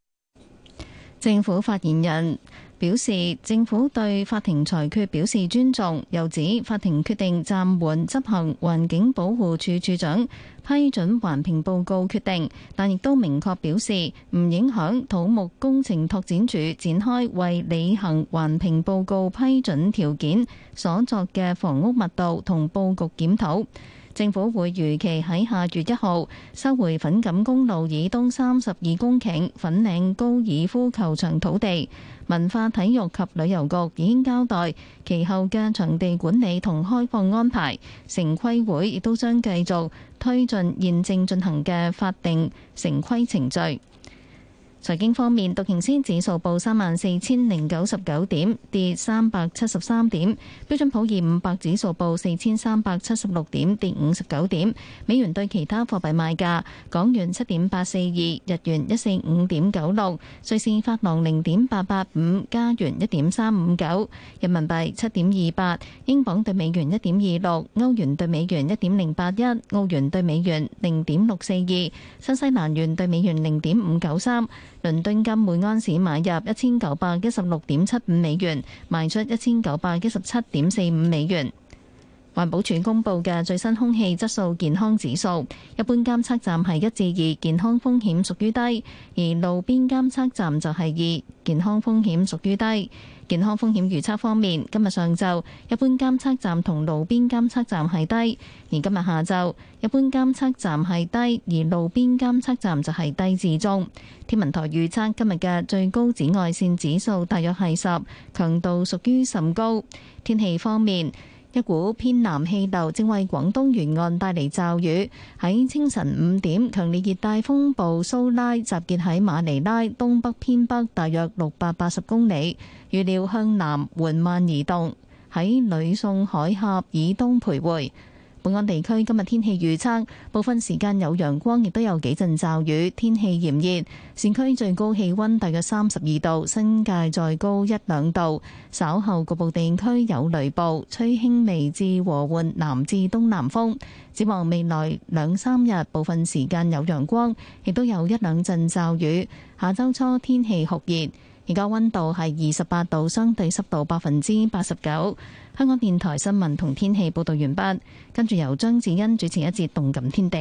政府發言人，表示政府對法庭裁決表示尊重，又指法庭決定暫緩執行環境保護處處長批准環評報告決定，但亦都明確表示唔影響土木工程拓展署展開為履行環評報告批准條件所作嘅房屋密度同佈局檢討。政府會如期喺下月一號收回粉錦公路以東三十二公頃粉嶺高爾夫球場土地，文化體育及旅遊局已經交代，其後嘅場地管理同開放安排，城規會亦都將繼續推進現正進行嘅法定城規程序。財經方面，道瓊斯指數報三萬四千零九十九點，跌三百七十三點；標準普爾五百指數報四千三百七十六點，跌五十九點。美元對其他貨幣賣價：港元七點八四二，日元一四五點九六，瑞士法郎零點八八五，加元一點三五九，人民幣七點二八，英鎊對美元一點二六，歐元對美元一點零八一，澳元對美元零點六四二，新西蘭元對美元零點五九三。倫敦金每盎司買入一千九百一十六點七五美元，賣出一千九百一十七點四五美元。環保署公布嘅最新空氣質素健康指數，一般監測站係一至二，健康風險屬於低；而路邊監測站就係二，健康風險屬於低。健康風險預測方面，今日上晝一般監測站同路邊監測站係低，而今日下晝一般監測站係低，而路邊監測站就係低至中。天文台預測今日嘅最高紫外線指數大約係十，強度屬於甚高。天氣方面。一股偏南氣流正為廣東沿岸帶嚟驟雨。喺清晨五點，強烈熱帶風暴蘇拉集結喺馬尼拉東北偏北大約六百八十公里，預料向南緩慢移動，喺呂宋海峽以東徘徊。本安地區今日天氣預測，部分時間有陽光，亦都有幾陣驟雨，天氣炎熱，市區最高氣溫大約三十二度，新界再高一兩度。稍後局部地區有雷暴，吹輕微至和緩南至東南風。展望未來兩三日，部分時間有陽光，亦都有一兩陣驟雨。下周初天氣酷熱。而家溫度係二十八度，相對濕度百分之八十九。香港電台新聞同天氣報道完畢。跟住由張智恩主持一節《動感天地》。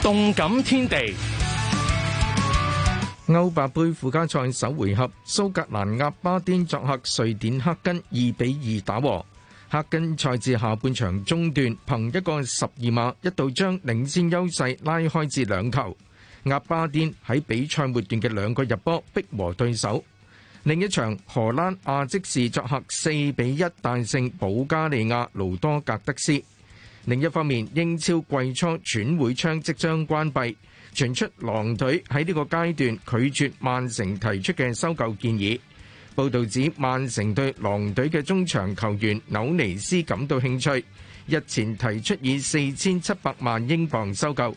《動感天地》歐霸盃附加賽首回合，蘇格蘭鴨巴甸作客瑞典，黑根二比二打和。黑根賽至下半場中段，憑一個十二碼，一度將領先優勢拉開至兩球。阿巴甸喺比賽末段嘅兩個入波逼和對手。另一場荷蘭亞積士作客四比一大勝保加利亞盧多格德斯。另一方面，英超季初轉會窗即將關閉，傳出狼隊喺呢個階段拒絕曼城提出嘅收購建議。報導指曼城對狼隊嘅中場球員紐尼斯感到興趣，日前提出以四千七百萬英鎊收購。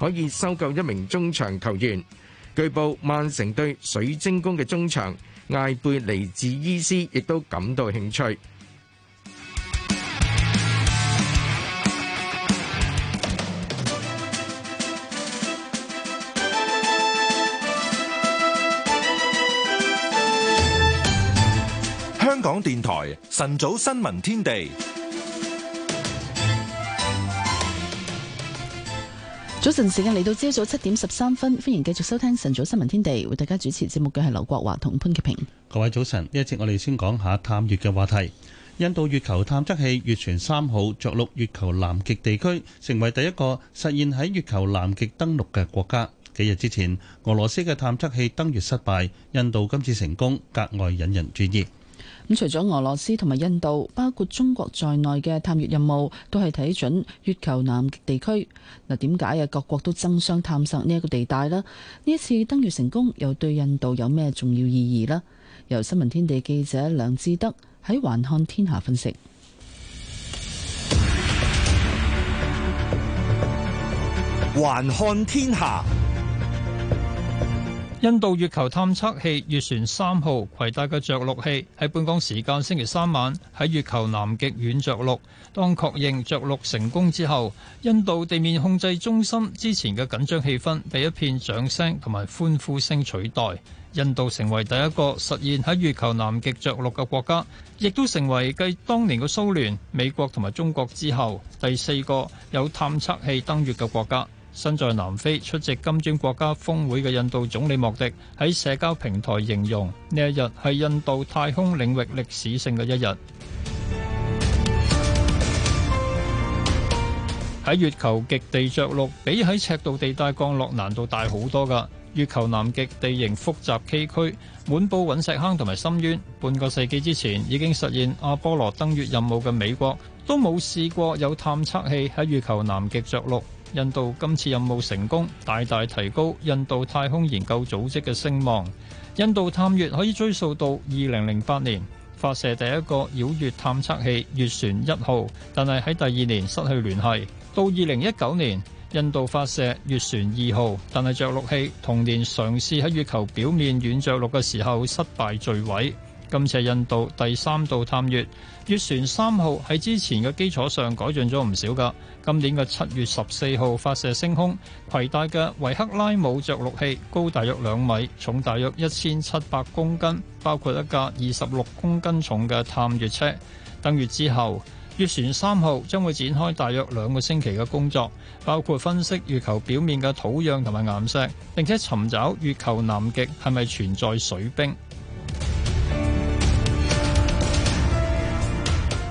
可以收購一名中場球員。據報，曼城對水晶宮嘅中場艾貝尼治伊斯亦都感到興趣。香港電台晨早新聞天地。早晨時間嚟到朝早七點十三分，歡迎繼續收聽晨早新聞天地，為大家主持節目嘅係劉國華同潘潔平。各位早晨，呢一節我哋先講下探月嘅話題。印度月球探測器月船三號着陸月球南極地區，成為第一個實現喺月球南極登陸嘅國家。幾日之前，俄羅斯嘅探測器登月失敗，印度今次成功，格外引人注意。咁除咗俄羅斯同埋印度，包括中國在內嘅探月任務都係睇準月球南極地區。嗱，點解啊？各國都爭相探索呢一個地帶呢？呢一次登月成功，又對印度有咩重要意義呢？由新聞天地記者梁志德喺《環看天下》分析。環看天下。印度月球探測器月船三號攜帶嘅着陸器喺本港時間星期三晚喺月球南極軟着陸。當確認着陸成功之後，印度地面控制中心之前嘅緊張氣氛被一片掌聲同埋歡呼聲取代。印度成為第一個實現喺月球南極着陸嘅國家，亦都成為繼當年嘅蘇聯美國同埋中國之後，第四個有探測器登月嘅國家。身在南非出席金磚國家峰會嘅印度總理莫迪喺社交平台形容呢一日係印度太空領域歷史性嘅一日。喺月球極地着陸比喺赤道地帶降落難度大好多噶，月球南極地形複雜崎嶇，滿布隕石坑同埋深淵。半個世紀之前已經實現阿波羅登月任務嘅美國都冇試過有探測器喺月球南極着陸。印度今次任務成功，大大提高印度太空研究組織嘅聲望。印度探月可以追溯到二零零八年發射第一個繞月探測器月船一號，但係喺第二年失去聯繫，到二零一九年，印度發射月船二號，但係着陸器同年嘗試喺月球表面軟着陸嘅時候失敗墜毀，今次係印度第三度探月，月船三號喺之前嘅基礎上改進咗唔少噶。今年嘅七月十四號發射升空，攜帶嘅維克拉姆着陸器高大約兩米，重大約一千七百公斤，包括一架二十六公斤重嘅探月車。登月之後，月船三號將會展開大約兩個星期嘅工作，包括分析月球表面嘅土壤同埋岩石，並且尋找月球南極係咪存在水冰。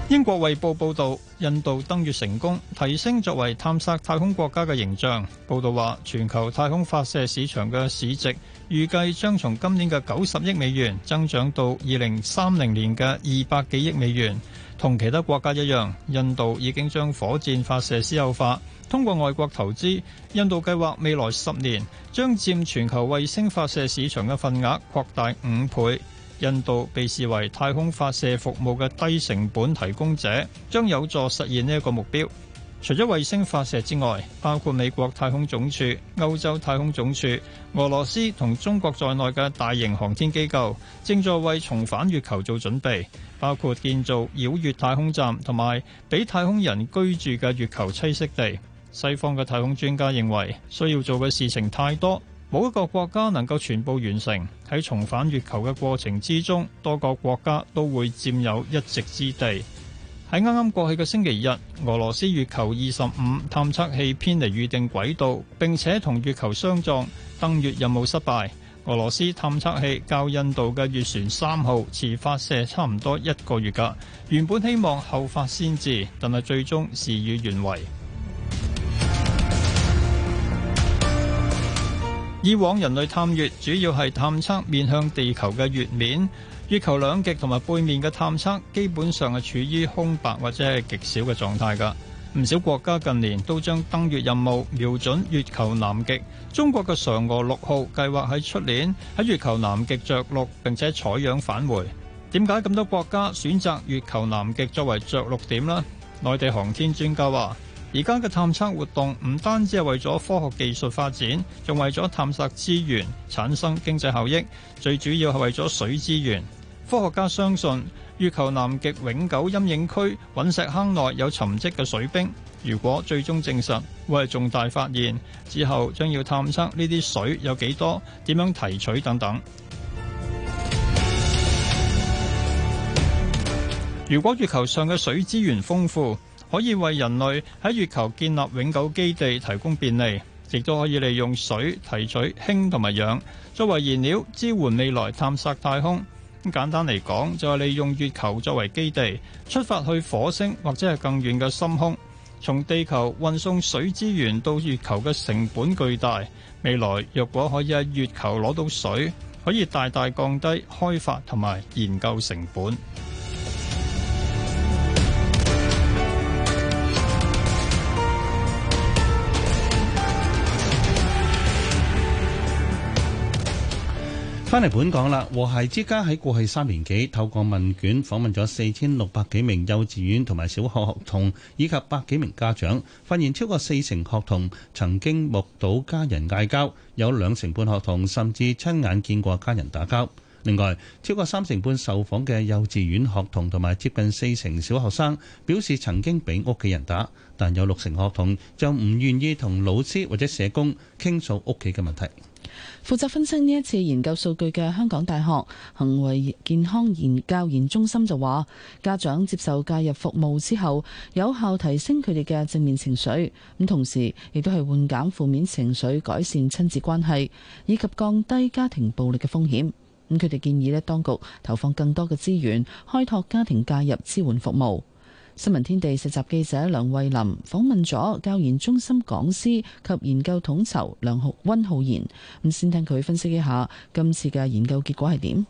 英國衛報報道，印度登月成功，提升作為探索太空國家嘅形象。報道話，全球太空發射市場嘅市值預計將從今年嘅九十億美元增長到二零三零年嘅二百幾億美元。同其他國家一樣，印度已經將火箭發射私有化，通過外國投資，印度計劃未來十年將佔全球衛星發射市場嘅份額擴大五倍。印度被視為太空發射服務嘅低成本提供者，將有助實現呢一個目標。除咗衛星發射之外，包括美國太空總署、歐洲太空總署、俄羅斯同中國在內嘅大型航天機構，正在為重返月球做準備，包括建造繞月太空站同埋俾太空人居住嘅月球棲息地。西方嘅太空專家認為，需要做嘅事情太多。冇一個國家能夠全部完成。喺重返月球嘅過程之中，多個國家都會佔有一席之地。喺啱啱過去嘅星期日，俄羅斯月球二十五探測器偏離預定軌道，並且同月球相撞，登月任務失敗。俄羅斯探測器較印度嘅月船三號遲發射差唔多一個月㗎，原本希望後發先至，但係最終事與願違。以往人類探月主要係探測面向地球嘅月面，月球兩極同埋背面嘅探測基本上係處於空白或者係極少嘅狀態㗎。唔少國家近年都將登月任務瞄準月球南極，中國嘅嫦娥六號計劃喺出年喺月球南極着陸並且採樣返回。點解咁多國家選擇月球南極作為着陸點呢？內地航天專家話：而家嘅探測活動唔單止係為咗科學技術發展，仲為咗探索資源、產生經濟效益，最主要係為咗水資源。科學家相信月球南極永久陰影區隕石坑內有沉積嘅水冰。如果最終證實，會係重大發現。之後將要探測呢啲水有幾多、點樣提取等等。如果月球上嘅水資源豐富，可以為人類喺月球建立永久基地提供便利，亦都可以利用水提取氫同埋氧作為燃料支援未來探測太空。咁簡單嚟講，就係利用月球作為基地出發去火星或者係更遠嘅深空。從地球運送水資源到月球嘅成本巨大，未來若果可以喺月球攞到水，可以大大降低開發同埋研究成本。翻嚟本港啦，和諧之家喺過去三年幾透過問卷訪問咗四千六百幾名幼稚園同埋小學學童以及百幾名家長，發現超過四成學童曾經目睹家人嗌交，有兩成半學童甚至親眼見過家人打交。另外，超過三成半受訪嘅幼稚園學童同埋接近四成小學生表示曾經俾屋企人打，但有六成學童就唔願意同老師或者社工傾訴屋企嘅問題。負責分析呢一次研究數據嘅香港大學行為健康教研中心就話，家長接受介入服務之後，有效提升佢哋嘅正面情緒，咁同時亦都係緩減負面情緒、改善親子關係以及降低家庭暴力嘅風險。咁佢哋建議呢，當局投放更多嘅資源，開拓家庭介入支援服務。新聞天地實習記者梁慧琳訪問咗教研中心講師及研究統籌梁浩温浩然，咁先聽佢分析一下今次嘅研究結果係點。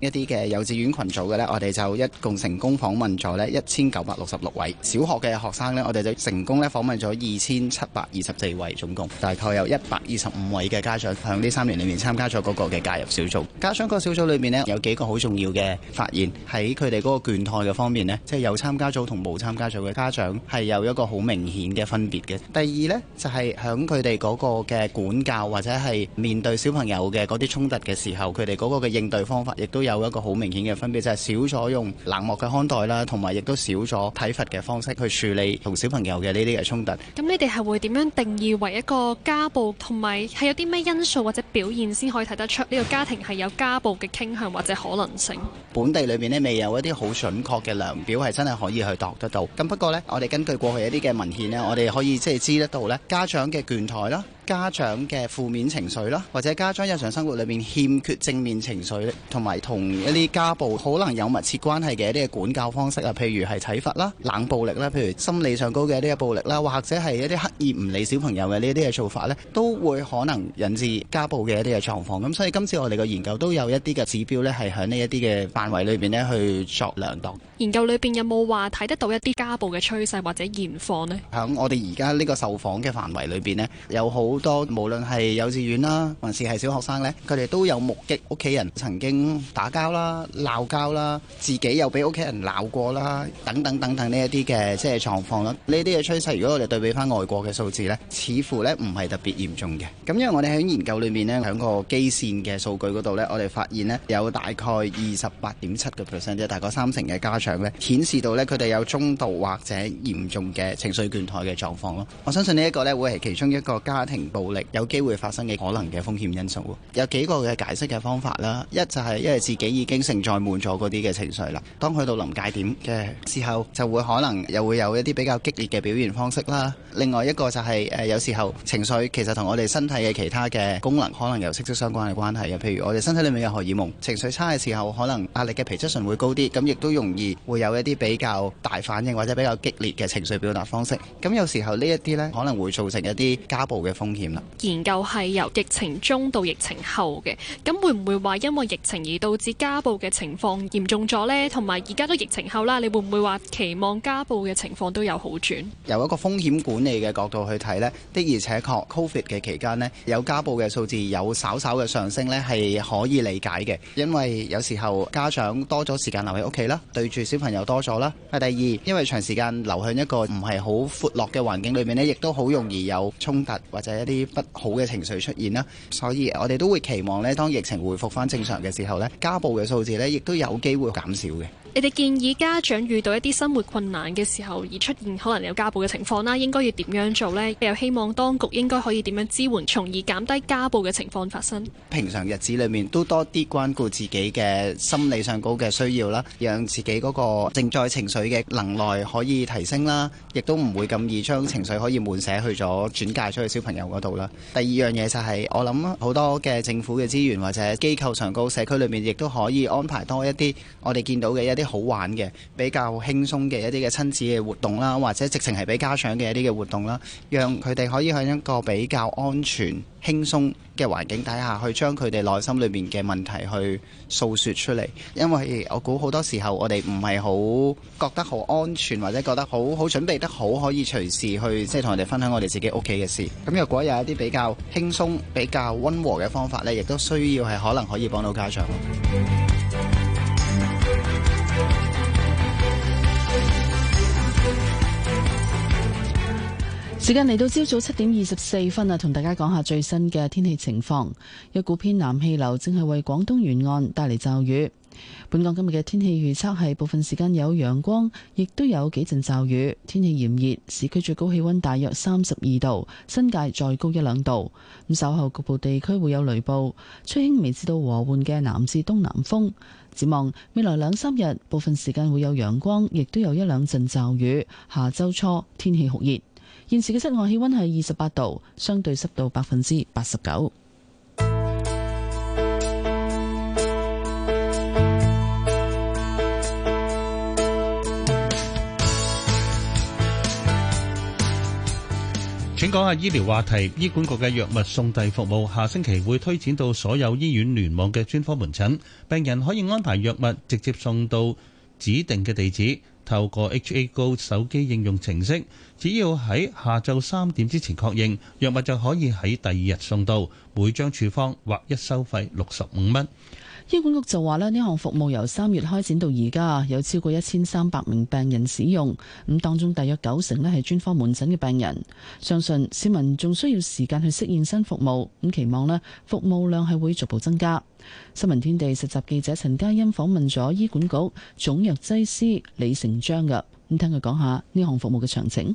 一啲嘅幼稚園群組嘅呢，我哋就一共成功訪問咗呢一千九百六十六位小學嘅學生呢，我哋就成功咧訪問咗二千七百二十四位，總共大概有一百二十五位嘅家長響呢三年裏面參加咗嗰個嘅介入小組。家長個小組裏面呢，有幾個好重要嘅發現喺佢哋嗰個倦怠嘅方面呢，即係有參加組同冇參加組嘅家長係有一個好明顯嘅分別嘅。第二呢，就係響佢哋嗰個嘅管教或者係面對小朋友嘅嗰啲衝突嘅時候，佢哋嗰個嘅應對方法亦都有。有一個好明顯嘅分別，就係少咗用冷漠嘅看待啦，同埋亦都少咗體罰嘅方式去處理同小朋友嘅呢啲嘅衝突。咁你哋係會點樣定義為一個家暴，同埋係有啲咩因素或者表現先可以睇得出呢個家庭係有家暴嘅傾向或者可能性？本地裏面呢，未有一啲好準確嘅量表係真係可以去度得到。咁不過呢，我哋根據過去一啲嘅文獻呢，我哋可以即係知得到呢家長嘅倦怠啦。家長嘅負面情緒啦，或者家長日常生活裏面欠缺正面情緒，同埋同一啲家暴可能有密切關係嘅一啲嘅管教方式啊，譬如係體罰啦、冷暴力啦，譬如心理上高嘅一啲嘅暴力啦，或者係一啲刻意唔理小朋友嘅呢啲嘅做法呢，都會可能引致家暴嘅一啲嘅狀況。咁所以今次我哋個研究都有一啲嘅指標呢係喺呢一啲嘅範圍裏邊呢去作量度。研究裏邊有冇話睇得到一啲家暴嘅趨勢或者現況呢？喺我哋而家呢個受訪嘅範圍裏邊呢，有好多，無論係幼稚園啦，還是係小學生咧，佢哋都有目擊屋企人曾經打交啦、鬧交啦，自己又俾屋企人鬧過啦，等等等等呢一啲嘅即係狀況啦。呢啲嘅趨勢，如果我哋對比翻外國嘅數字咧，似乎咧唔係特別嚴重嘅。咁因為我哋喺研究裏面咧，喺個基綫嘅數據嗰度咧，我哋發現咧有大概二十八點七個 percent，即係大概三成嘅家長咧，顯示到咧佢哋有中度或者嚴重嘅情緒倦怠嘅狀況咯。我相信呢一個咧會係其中一個家庭。暴力有機會發生嘅可能嘅風險因素，有幾個嘅解釋嘅方法啦。一就係因為自己已經承載滿咗嗰啲嘅情緒啦，當去到臨界點嘅時候，就會可能又會有一啲比較激烈嘅表現方式啦。另外一個就係誒，有時候情緒其實同我哋身體嘅其他嘅功能可能有息息相關嘅關係嘅。譬如我哋身體裡面有荷爾蒙，情緒差嘅時候，可能壓力嘅皮質醇會高啲，咁亦都容易會有一啲比較大反應或者比較激烈嘅情緒表達方式。咁有時候呢一啲呢，可能會造成一啲家暴嘅風。研究係由疫情中到疫情後嘅，咁會唔會話因為疫情而導致家暴嘅情況嚴重咗呢？同埋而家都疫情後啦，你會唔會話期望家暴嘅情況都有好轉？由一個風險管理嘅角度去睇呢，的而且確，COVID 嘅期間呢，有家暴嘅數字有稍稍嘅上升呢，係可以理解嘅。因為有時候家長多咗時間留喺屋企啦，對住小朋友多咗啦。第二，因為長時間留喺一個唔係好闊落嘅環境裏面呢，亦都好容易有衝突或者一啲不好嘅情緒出現啦，所以我哋都會期望咧，當疫情回復翻正常嘅時候咧，家暴嘅數字咧，亦都有機會減少嘅。你哋建議家長遇到一啲生活困難嘅時候而出現可能有家暴嘅情況啦，應該要點樣做呢？又希望當局應該可以點樣支援，從而減低家暴嘅情況發生。平常日子裏面都多啲關顧自己嘅心理上高嘅需要啦，讓自己嗰個正在情緒嘅能耐可以提升啦，亦都唔會咁易將情緒可以滿寫去咗轉介出去小朋友嗰度啦。第二樣嘢就係、是、我諗好多嘅政府嘅資源或者機構上高社區裏面亦都可以安排多一啲我哋見到嘅一啲啲好玩嘅，比較輕鬆嘅一啲嘅親子嘅活動啦，或者直情係俾家長嘅一啲嘅活動啦，讓佢哋可以喺一個比較安全、輕鬆嘅環境底下去，將佢哋內心裏面嘅問題去訴説出嚟。因為我估好多時候，我哋唔係好覺得好安全，或者覺得好好準備得好，可以隨時去即係同人哋分享我哋自己屋企嘅事。咁若果有一啲比較輕鬆、比較温和嘅方法呢，亦都需要係可能可以幫到家長。時間嚟到朝早七點二十四分啊，同大家講下最新嘅天氣情況。有股偏南氣流正係為廣東沿岸帶嚟驟雨。本港今日嘅天氣預測係部分時間有陽光，亦都有幾陣驟雨。天氣炎熱，市區最高氣溫大約三十二度，新界再高一兩度。咁稍後局部地區會有雷暴，吹輕微至到和緩嘅南至東南風。展望未來兩三日，部分時間會有陽光，亦都有一兩陣驟雨。下周初天氣酷熱。現時嘅室外氣溫係二十八度，相對濕度百分之八十九。先講下醫療話題，醫管局嘅藥物送遞服務下星期會推展到所有醫院聯網嘅專科門診，病人可以安排藥物直接送到指定嘅地址。透過 HA Go 手機應用程式，只要喺下晝三點之前確認藥物，就可以喺第二日送到。每張處方劃一收費六十五蚊。醫管局就話咧，呢項服務由三月開展到而家，有超過一千三百名病人使用，咁當中大約九成咧係專科門診嘅病人。相信市民仲需要時間去適應新服務，咁期望咧服務量係會逐步增加。新聞天地實習記者陳嘉欣訪問咗醫管局總藥劑師李成章噶，咁聽佢講下呢項服務嘅詳情。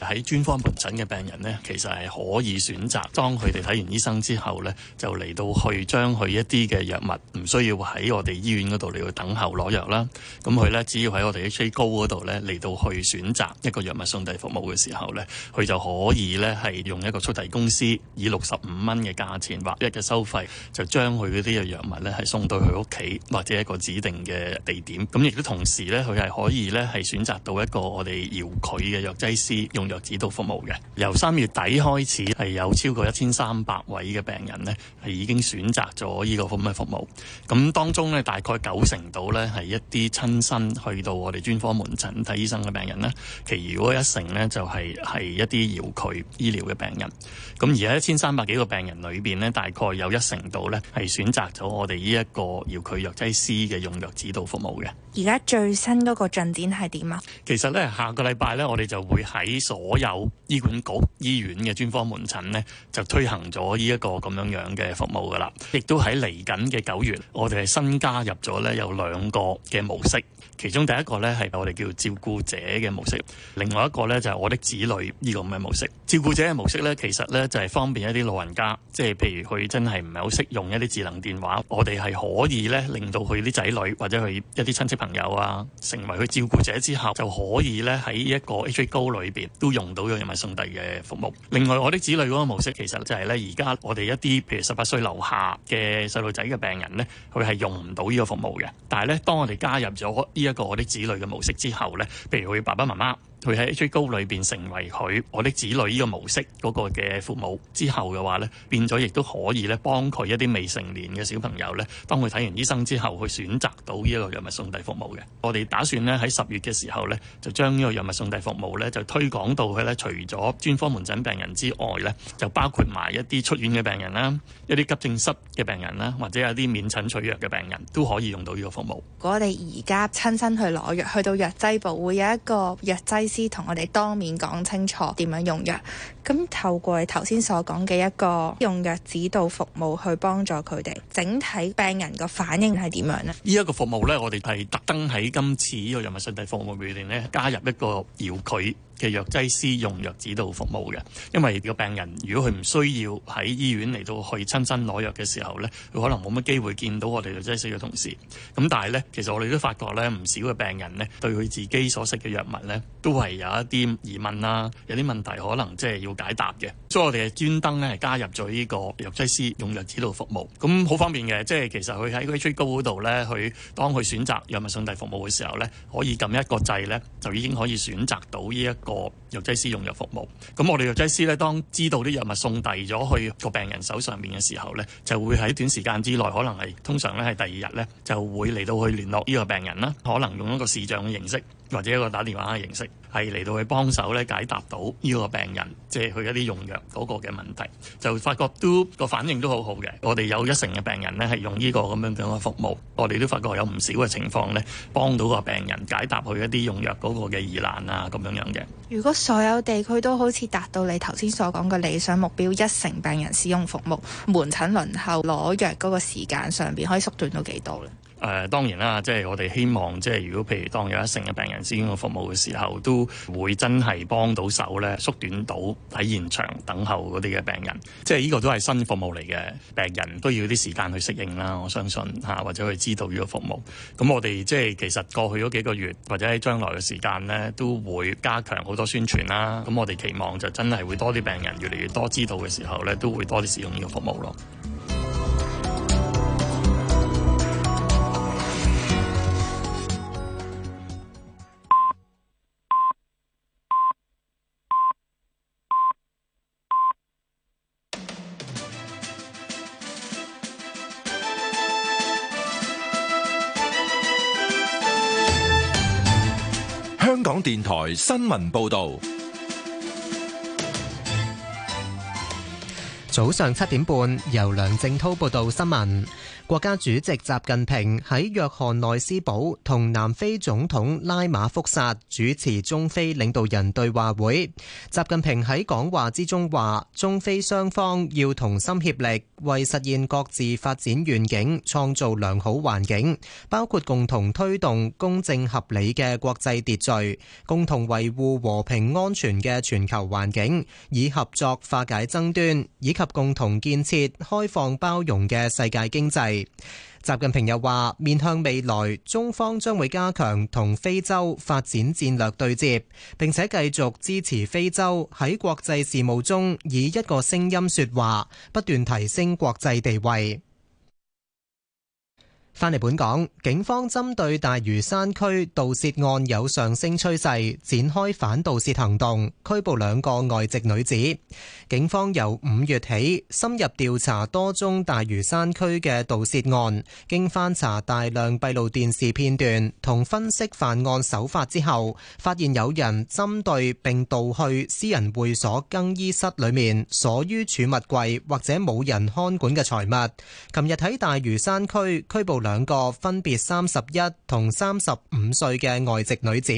喺專科門診嘅病人呢，其實係可以選擇，當佢哋睇完醫生之後呢，就嚟到去將佢一啲嘅藥物，唔需要喺我哋醫院嗰度嚟到等候攞藥啦。咁佢呢，只要喺我哋 HA 高嗰度呢嚟到去選擇一個藥物送遞服務嘅時候呢，佢就可以呢係用一個速遞公司，以六十五蚊嘅價錢或者一嘅收費，就將佢嗰啲嘅藥物呢係送到佢屋企或者一個指定嘅地點。咁亦都同時呢，佢係可以呢係選擇到一個我哋遙距嘅藥劑師用。藥指導服務嘅，由三月底開始係有超過一千三百位嘅病人咧，係已經選擇咗呢個服務，服務。咁當中咧，大概九成度咧係一啲親身去到我哋專科門診睇醫生嘅病人咧，其餘一成呢，就係係一啲遙距醫療嘅病人。咁、就是、而家一千三百幾個病人裏邊咧，大概有一成度咧係選擇咗我哋呢一個遙距藥劑師嘅用藥指導服務嘅。而家最新嗰個進展係點啊？其實咧，下個禮拜咧，我哋就會喺所有醫管局醫院嘅專科門診咧，就推行咗依一個咁樣樣嘅服務噶啦。亦都喺嚟緊嘅九月，我哋係新加入咗咧有兩個嘅模式，其中第一個咧係我哋叫做照顧者嘅模式，另外一個咧就係我的子女呢個咁嘅模式。照顧者嘅模式咧，其實咧就係方便一啲老人家，即係譬如佢真係唔係好識用一啲智能電話，我哋係可以咧令到佢啲仔女或者佢一啲親戚。朋友啊，成為佢照顧者之後，就可以咧喺一個 HJ 高裏邊都用到咗人民送遞嘅服務。另外，我啲子女嗰個模式其實就係咧，而家我哋一啲譬如十八歲樓下嘅細路仔嘅病人咧，佢係用唔到呢個服務嘅。但係咧，當我哋加入咗呢一個我啲子女嘅模式之後咧，譬如佢爸爸媽媽。佢喺 HA Go 裏邊成為佢我的子女呢個模式嗰個嘅父母之後嘅話呢，變咗亦都可以咧幫佢一啲未成年嘅小朋友呢，當佢睇完醫生之後，去選擇到呢一個藥物送遞服務嘅。我哋打算呢，喺十月嘅時候呢，就將呢個藥物送遞服務呢，就推廣到佢。呢除咗專科門診病人之外呢，就包括埋一啲出院嘅病人啦，一啲急症室嘅病人啦，或者有啲免診取藥嘅病人，都可以用到呢個服務。如果我哋而家親身去攞藥，去到藥劑部會有一個藥劑師同我哋當面講清楚點樣用藥。咁透過頭先所講嘅一個用藥指導服務，去幫助佢哋。整體病人個反應係點樣呢？呢一個服務咧，我哋係特登喺今次呢個藥物信貸服務裏邊咧，加入一個遙距嘅藥劑師用藥指導服務嘅，因為個病人如果佢唔需要喺醫院嚟到去親身攞藥嘅時候呢，佢可能冇乜機會見到我哋藥劑師嘅同事。咁但係呢，其實我哋都發覺呢，唔少嘅病人呢，對佢自己所食嘅藥物呢，都係有一啲疑問啦，有啲問題可能即係要解答嘅。所以我哋係專登呢，係加入咗呢個藥劑師用藥指導服務，咁好方便嘅，即係其實佢喺 HA Go 嗰度呢，佢當佢選擇藥物送遞服務嘅時候呢，可以撳一個掣呢，就已經可以選擇到呢一。個藥劑師用藥服務，咁我哋藥劑師咧，當知道啲藥物送遞咗去個病人手上面嘅時候呢，就會喺短時間之內，可能係通常咧係第二日呢，就會嚟到去聯絡呢個病人啦，可能用一個視像嘅形式，或者一個打電話嘅形式。係嚟到去幫手咧，解答到呢個病人，即係佢一啲用藥嗰個嘅問題，就發覺都個反應都好好嘅。我哋有一成嘅病人咧，係用呢個咁樣樣嘅服務，我哋都發覺有唔少嘅情況咧，幫到個病人解答佢一啲用藥嗰個嘅疑難啊咁樣樣嘅。如果所有地區都好似達到你頭先所講嘅理想目標，一成病人使用服務門診輪候攞藥嗰個時間上面可以縮短到幾多呢？誒、呃、當然啦，即係我哋希望，即係如果譬如當有一成嘅病人使用服務嘅時候，都會真係幫到手咧，縮短到喺現場等候嗰啲嘅病人。即係呢個都係新服務嚟嘅，病人都要啲時間去適應啦。我相信吓，或者去知道呢個服務。咁我哋即係其實過去咗幾個月，或者喺將來嘅時間咧，都會加強好多宣傳啦。咁我哋期望就真係會多啲病人，越嚟越多知道嘅時候咧，都會多啲使用呢個服務咯。電台新聞報道，早上七點半，由梁靜濤報道新聞。國家主席習近平喺約翰內斯堡同南非總統拉馬福薩主持中非領導人對話會。習近平喺講話之中話：中非雙方要同心協力，為實現各自發展願景創造良好環境，包括共同推動公正合理嘅國際秩序，共同維護和平安全嘅全球環境，以合作化解爭端，以及共同建設開放包容嘅世界經濟。習近平又話，面向未來，中方將會加強同非洲發展戰略對接，並且繼續支持非洲喺國際事務中以一個聲音說話，不斷提升國際地位。翻嚟本港，警方針對大嶼山區盜竊案有上升趨勢，展開反盜竊行動，拘捕兩個外籍女子。警方由五月起深入調查多宗大嶼山區嘅盜竊案，經翻查大量閉路電視片段同分析犯案手法之後，發現有人針對並盜去私人會所更衣室裡面鎖於儲物櫃或者冇人看管嘅財物。琴日喺大嶼山區拘捕，兩個分別三十一同三十五歲嘅外籍女子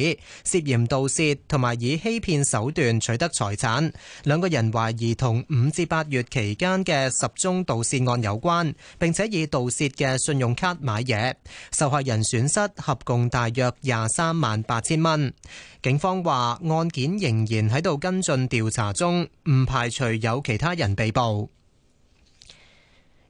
涉嫌盜竊同埋以欺騙手段取得財產，兩個人懷疑同五至八月期間嘅十宗盜竊案有關，並且以盜竊嘅信用卡買嘢，受害人損失合共大約廿三萬八千蚊。警方話案件仍然喺度跟進調查中，唔排除有其他人被捕。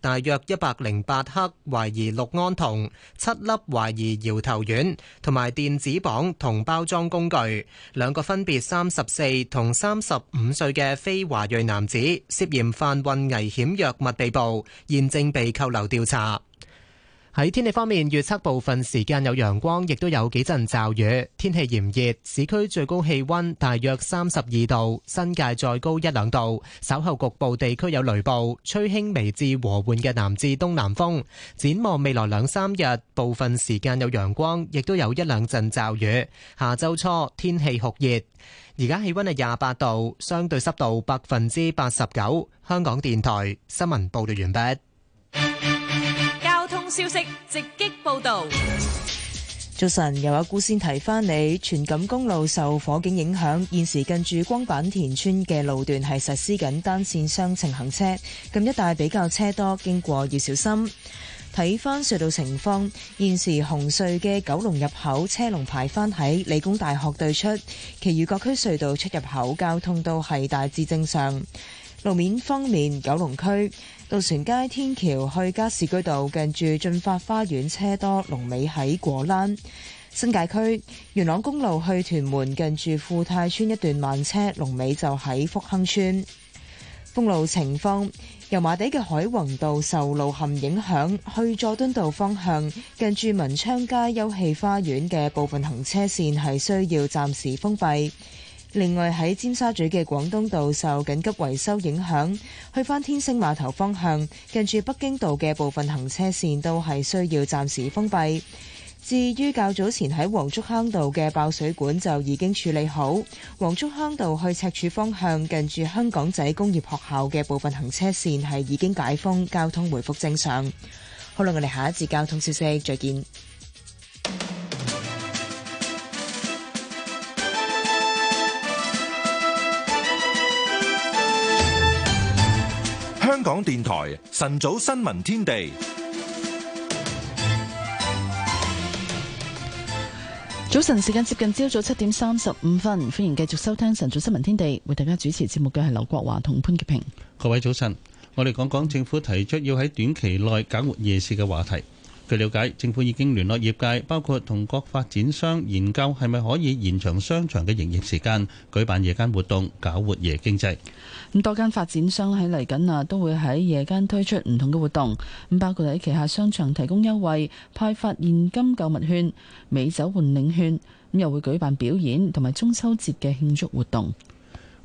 大約一百零八克懷疑氯胺酮，七粒懷疑搖頭丸，同埋電子磅同包裝工具。兩個分別三十四同三十五歲嘅非華裔男子涉嫌販運危險藥物被捕，現正被扣留調查。喺天氣方面，預測部分時間有陽光，亦都有幾陣驟雨。天氣炎熱，市區最高氣溫大約三十二度，新界再高一兩度。稍後局部地區有雷暴，吹輕微至和緩嘅南至東南風。展望未來兩三日，部分時間有陽光，亦都有一兩陣驟雨。下周初天氣酷熱，而家氣溫係廿八度，相對濕度百分之八十九。香港電台新聞報道完畢。消息直擊報道。早晨，又有姑先提翻你，荃錦公路受火警影響，現時近住光板田村嘅路段係實施緊單線雙程行車，咁一帶比較車多，經過要小心。睇翻隧道情況，現時紅隧嘅九龍入口車龍排翻喺理工大學對出，其餘各區隧道出入口交通都係大致正常。路面方面，九龍區。渡船街天橋去加士居道近住駿發花園車多，龍尾喺果欄；新界區元朗公路去屯門近住富泰村一段慢車，龍尾就喺福亨村。封路情況：油麻地嘅海泓道受路陷影響，去佐敦道方向近住文昌街休憩花園嘅部分行車線係需要暫時封閉。另外喺尖沙咀嘅廣東道受緊急維修影響，去返天星碼頭方向近住北京道嘅部分行車線都係需要暫時封閉。至於較早前喺黃竹坑道嘅爆水管就已經處理好，黃竹坑道去赤柱方向近住香港仔工業學校嘅部分行車線係已經解封，交通回復正常。好啦，我哋下一節交通消息再見。香港電台晨早新聞天地，早晨時間接近朝早七點三十五分，歡迎繼續收聽晨早新聞天地，為大家主持節目嘅係劉國華同潘潔平。各位早晨，我哋講講政府提出要喺短期內搞活夜市嘅話題。據了解，政府已經聯絡業界，包括同各發展商研究係咪可以延長商場嘅營業時間，舉辦夜間活動，搞活夜經濟。咁多間發展商喺嚟緊啊，都會喺夜間推出唔同嘅活動，咁包括喺旗下商場提供優惠、派發現金購物券、美酒換領券，咁又會舉辦表演同埋中秋節嘅慶祝活動。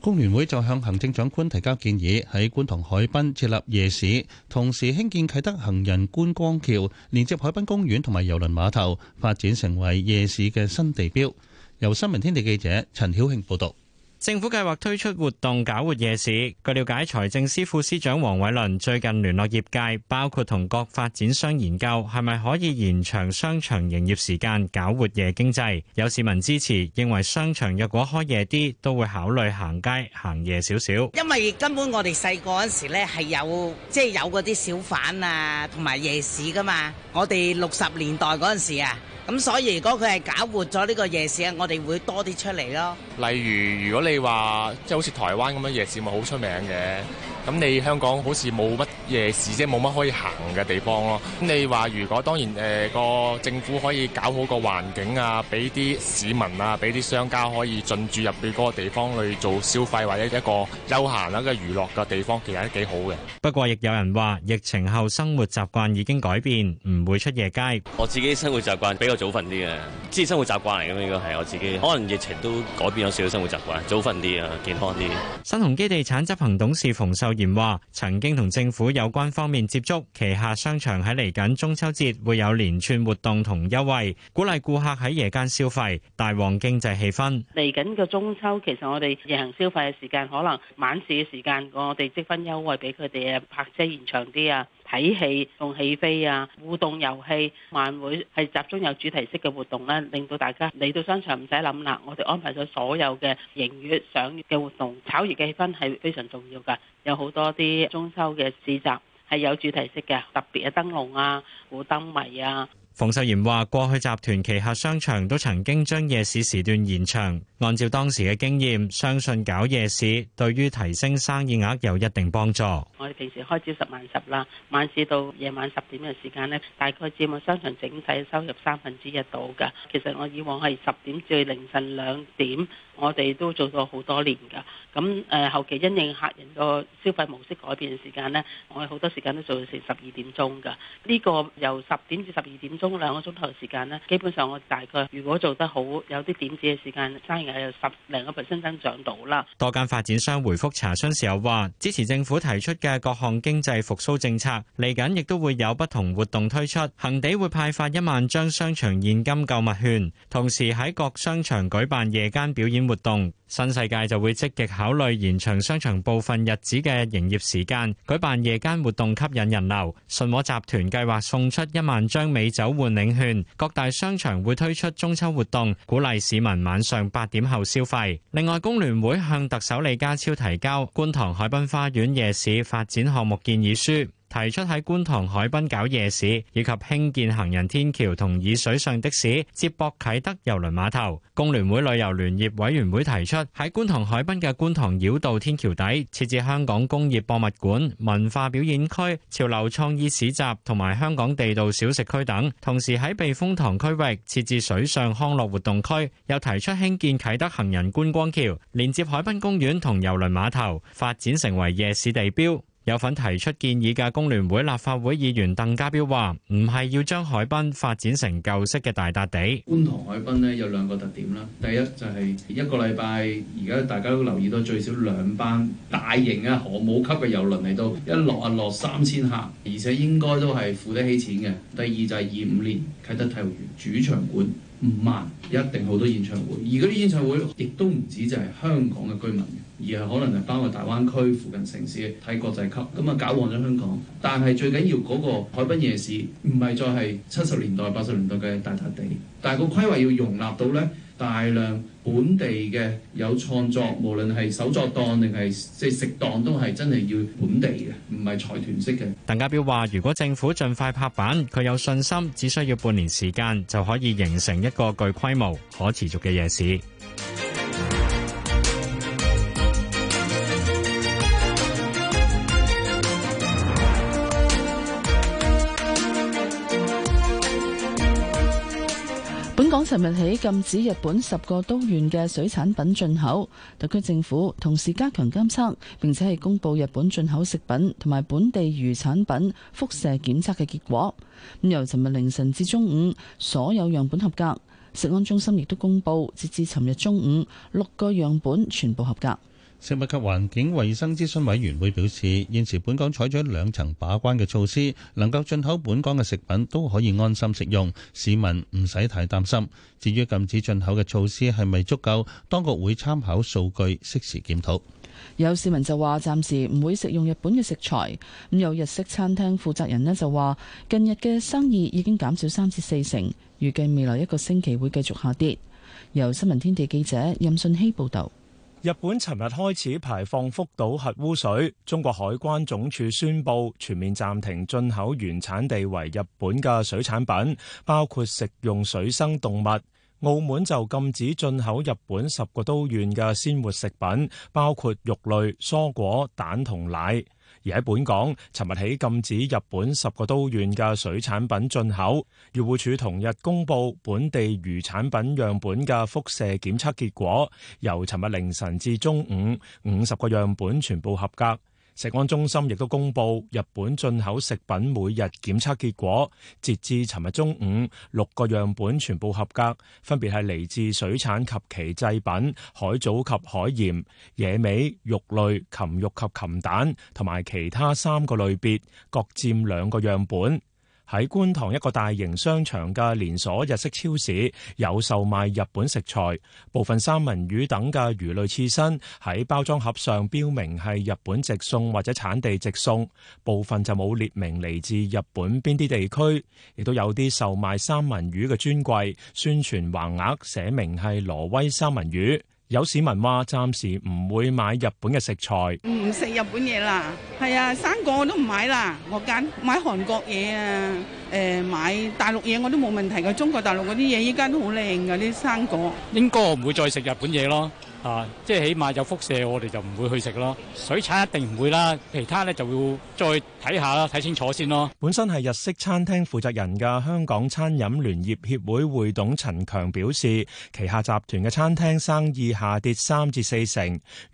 工聯會就向行政長官提交建議，喺觀塘海濱設立夜市，同時興建啟德行人觀光橋，連接海濱公園同埋郵輪碼頭，發展成為夜市嘅新地標。由新聞天地記者陳曉慶報導。政府計劃推出活動搞活夜市。據了解，財政司副司長黃偉綸最近聯絡業界，包括同各發展商研究係咪可以延長商場營業時間，搞活夜經濟。有市民支持，認為商場若果開夜啲，都會考慮行街行夜少少。因為根本我哋細個嗰時呢，係、就是、有即係有嗰啲小販啊，同埋夜市㗎嘛。我哋六十年代嗰陣時啊。咁所以如果佢係搞活咗呢個夜市啊，我哋會多啲出嚟咯。例如如果你話即係好似台灣咁樣夜市咪好出名嘅，咁你香港好似冇乜夜市，即係冇乜可以行嘅地方咯。咁你話如果當然誒個政府可以搞好個環境啊，俾啲市民啊，俾啲商家可以進駐入邊嗰個地方去做消費或者一個休閒啊、一個娛樂嘅地方，其實都幾好嘅。不過亦有人話疫情後生活習慣已經改變，唔會出夜街。我自己生活習慣比較。早瞓啲啊，自然生活習慣嚟嘅，應該係我自己。可能疫情都改變咗少少生活習慣，早瞓啲啊，健康啲。新鴻基地產執行董事馮秀賢話，曾經同政府有關方面接觸，旗下商場喺嚟緊中秋節會有連串活動同優惠，鼓勵顧客喺夜間消費，大旺經濟氣氛。嚟緊嘅中秋，其實我哋夜行消費嘅時間可能晚市嘅時間，我哋積分優惠俾佢哋啊，泊車延長啲啊。睇戲、送戲飛啊！互動遊戲、晚會係集中有主題式嘅活動咧，令到大家嚟到商場唔使諗啦。我哋安排咗所有嘅迎月賞月嘅活動，炒熱嘅氣氛係非常重要㗎。有好多啲中秋嘅市集係有主題式嘅，特別嘅燈籠啊、估燈謎啊。馮秀賢話：過去集團旗下商場都曾經將夜市時段延長，按照當時嘅經驗，相信搞夜市對於提升生意額有一定幫助。我哋平時開朝十晚十啦，晚市到夜晚十點嘅時間呢，大概佔我商場整體收入三分之一度㗎。其實我以往係十點至凌晨兩點。我哋都做咗好多年㗎，咁誒後期因應客人個消費模式改變嘅時間咧，我哋好多時間都做到成十二點鐘㗎。呢個由十點至十二點鐘兩個鐘頭時間咧，基本上我大概如果做得好，有啲點子嘅時間，生意係有十零個 percent 增長到啦。多間發展商回覆查詢時候話，支持政府提出嘅各項經濟復甦政策，嚟緊亦都會有不同活動推出。恆地會派發一萬張商場現金購物券，同時喺各商場舉辦夜間表演。活動，新世界就會積極考慮延長商場部分日子嘅營業時間，舉辦夜間活動吸引人流。信和集團計劃送出一萬張美酒換領券，各大商場會推出中秋活動，鼓勵市民晚上八點後消費。另外，工聯會向特首李家超提交觀塘海濱花園夜市發展項目建議書。提出喺觀塘海濱搞夜市，以及興建行人天橋同以水上的士接駁啟德郵輪碼頭。工聯會旅遊聯業委員會提出喺觀塘海濱嘅觀塘繞道天橋底設置香港工業博物館、文化表演區、潮流創意市集同埋香港地道小食區等，同時喺避風塘區域設置水上康樂活動區，又提出興建啟德行人觀光橋，連接海濱公園同郵輪碼頭，發展成為夜市地標。有份提出建議嘅工聯會立法會議員鄧家彪話：唔係要將海濱發展成舊式嘅大笪地。觀塘海濱呢，有兩個特點啦，第一就係一個禮拜而家大家都留意到最少兩班大型嘅航母級嘅遊輪嚟到，一落啊落三千客，而且應該都係付得起錢嘅。第二就係二五年啟德體育園主場館。唔慢，一定好多演唱會，而嗰啲演唱會亦都唔止就係香港嘅居民，而係可能係包括大灣區附近城市睇國際級，咁啊搞旺咗香港。但係最緊要嗰個海濱夜市唔係再係七十年代、八十年代嘅大笪地，但係個規劃要容納到呢大量。本地嘅有創作，無論係手作檔定係即係食檔都係真係要本地嘅，唔係財團式嘅。鄧家彪話，如果政府盡快拍板，佢有信心，只需要半年時間就可以形成一個具規模、可持續嘅夜市。尋日起禁止日本十個都縣嘅水產品進口，特區政府同時加強監測，並且係公佈日本進口食品同埋本地魚產品輻射檢測嘅結果。咁由尋日凌晨至中午，所有樣本合格。食安中心亦都公佈，截至尋日中午，六個樣本全部合格。食物及環境衛生諮詢委員會表示，現時本港採取兩層把關嘅措施，能夠進口本港嘅食品都可以安心食用，市民唔使太擔心。至於禁止進口嘅措施係咪足夠，當局會參考數據適時檢討。有市民就話暫時唔會食用日本嘅食材。咁有日式餐廳負責人呢就話，近日嘅生意已經減少三至四成，預計未來一個星期會繼續下跌。由新聞天地記者任信希報道。日本尋日開始排放福島核污水，中國海關總署宣布全面暫停進口原產地為日本嘅水產品，包括食用水生動物。澳門就禁止進口日本十個都縣嘅鮮活食品，包括肉類、蔬果、蛋同奶。而喺本港，尋日起禁止日本十個都縣嘅水產品進口。漁護署同日公布本地魚產品樣本嘅輻射檢測結果，由尋日凌晨至中午，五十個樣本全部合格。食安中心亦都公布日本進口食品每日檢測結果，截至尋日中午，六個樣本全部合格，分別係嚟自水產及其製品、海藻及海鹽、野味、肉類、禽肉及禽蛋，同埋其他三個類別，各佔兩個樣本。喺觀塘一個大型商場嘅連鎖日式超市，有售賣日本食材，部分三文魚等嘅魚類刺身喺包裝盒上標明係日本直送或者產地直送，部分就冇列明嚟自日本邊啲地區，亦都有啲售賣三文魚嘅專櫃，宣傳橫額寫明係挪威三文魚。有市民話：暫時唔會買日本嘅食材，唔食日本嘢啦。係啊，生果我都唔買啦。我揀買韓國嘢啊，誒買大陸嘢我都冇問題。個中國大陸嗰啲嘢依家都好靚㗎，啲生果應該我唔會再食日本嘢咯。啊，即係起碼有輻射，我哋就唔會去食咯。水產一定唔會啦，其他咧就要再睇下啦，睇清楚先咯。本身係日式餐廳負責人嘅香港餐飲聯業協會會董陳強表示，旗下集團嘅餐廳生意下跌三至四成，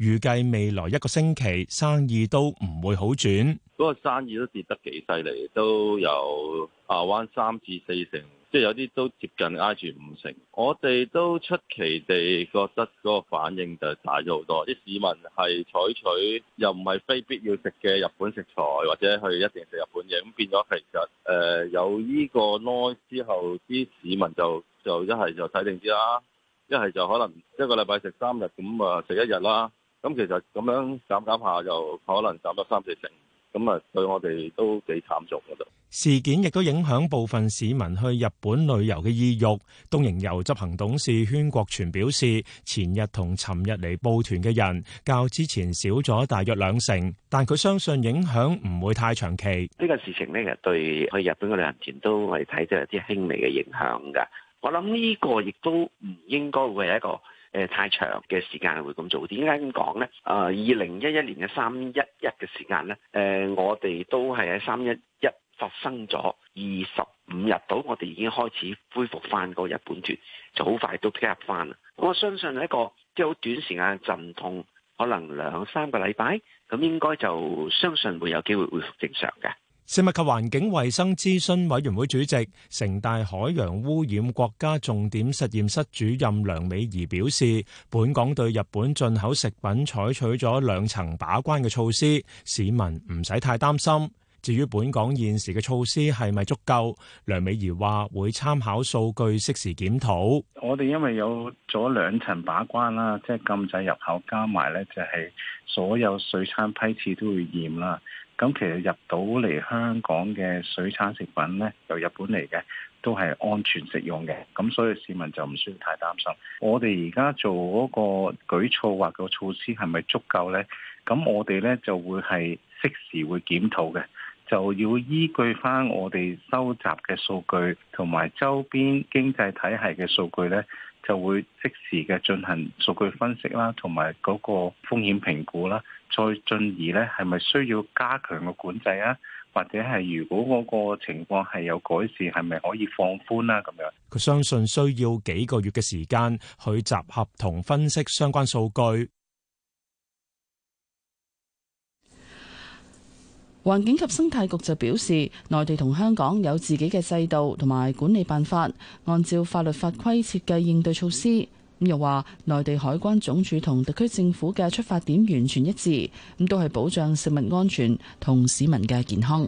預計未來一個星期生意都唔會好轉。嗰個生意都跌得幾犀利，都有下彎三至四成。即係有啲都接近挨住五成，我哋都出奇地覺得嗰個反應就大咗好多。啲市民係採取又唔係非必要食嘅日本食材，或者去一定食日本嘢，咁變咗其實誒、呃、有呢個 n 之後，啲市民就就，就一係就睇定啲啦，一係就可能一個禮拜食三日，咁啊食一日啦。咁其實咁樣減減下就可能減到三四成，咁啊對我哋都幾慘重嘅就。事件亦都影響部分市民去日本旅遊嘅意欲。東瀛遊執行董事軒國全表示，前日同尋日嚟報團嘅人較之前少咗大約兩成，但佢相信影響唔會太長期。呢個事情呢，對去日本嘅旅行團都我哋睇都有啲輕微嘅影響噶。我諗呢個亦都唔應該會係一個誒太長嘅時間會咁做。點解咁講呢？誒，二零一一年嘅三一一嘅時間呢，誒，我哋都係喺三一一。發生咗二十五日到，我哋已經開始恢復翻個日本團，就好快都配合翻啦。我相信係一個即係好短時間陣痛，可能兩三個禮拜，咁應該就相信會有機會恢復正常嘅。食物及環境衛生諮詢委員會主席、城大海洋污染國家重點實驗室主任梁美儀表示，本港對日本進口食品採取咗兩層把關嘅措施，市民唔使太擔心。至於本港現時嘅措施係咪足夠？梁美儀話會參考數據，適時檢討。我哋因為有咗兩層把關啦，即係禁制入口，加埋咧就係所有水產批次都會驗啦。咁其實入到嚟香港嘅水產食品咧，由日本嚟嘅都係安全食用嘅。咁所以市民就唔需要太擔心。我哋而家做嗰個舉措或個措施係咪足夠咧？咁我哋咧就會係適時會檢討嘅。就要依據翻我哋收集嘅數據同埋周邊經濟體系嘅數據咧，就會即時嘅進行數據分析啦，同埋嗰個風險評估啦，再進而咧，係咪需要加強個管制啊？或者係如果嗰個情況，係有改善，係咪可以放寬啦？咁樣，佢相信需要幾個月嘅時間去集合同分析相關數據。環境及生態局就表示，內地同香港有自己嘅制度同埋管理辦法，按照法律法規設計應對措施。咁又話，內地海關總署同特區政府嘅出發點完全一致，咁都係保障食物安全同市民嘅健康。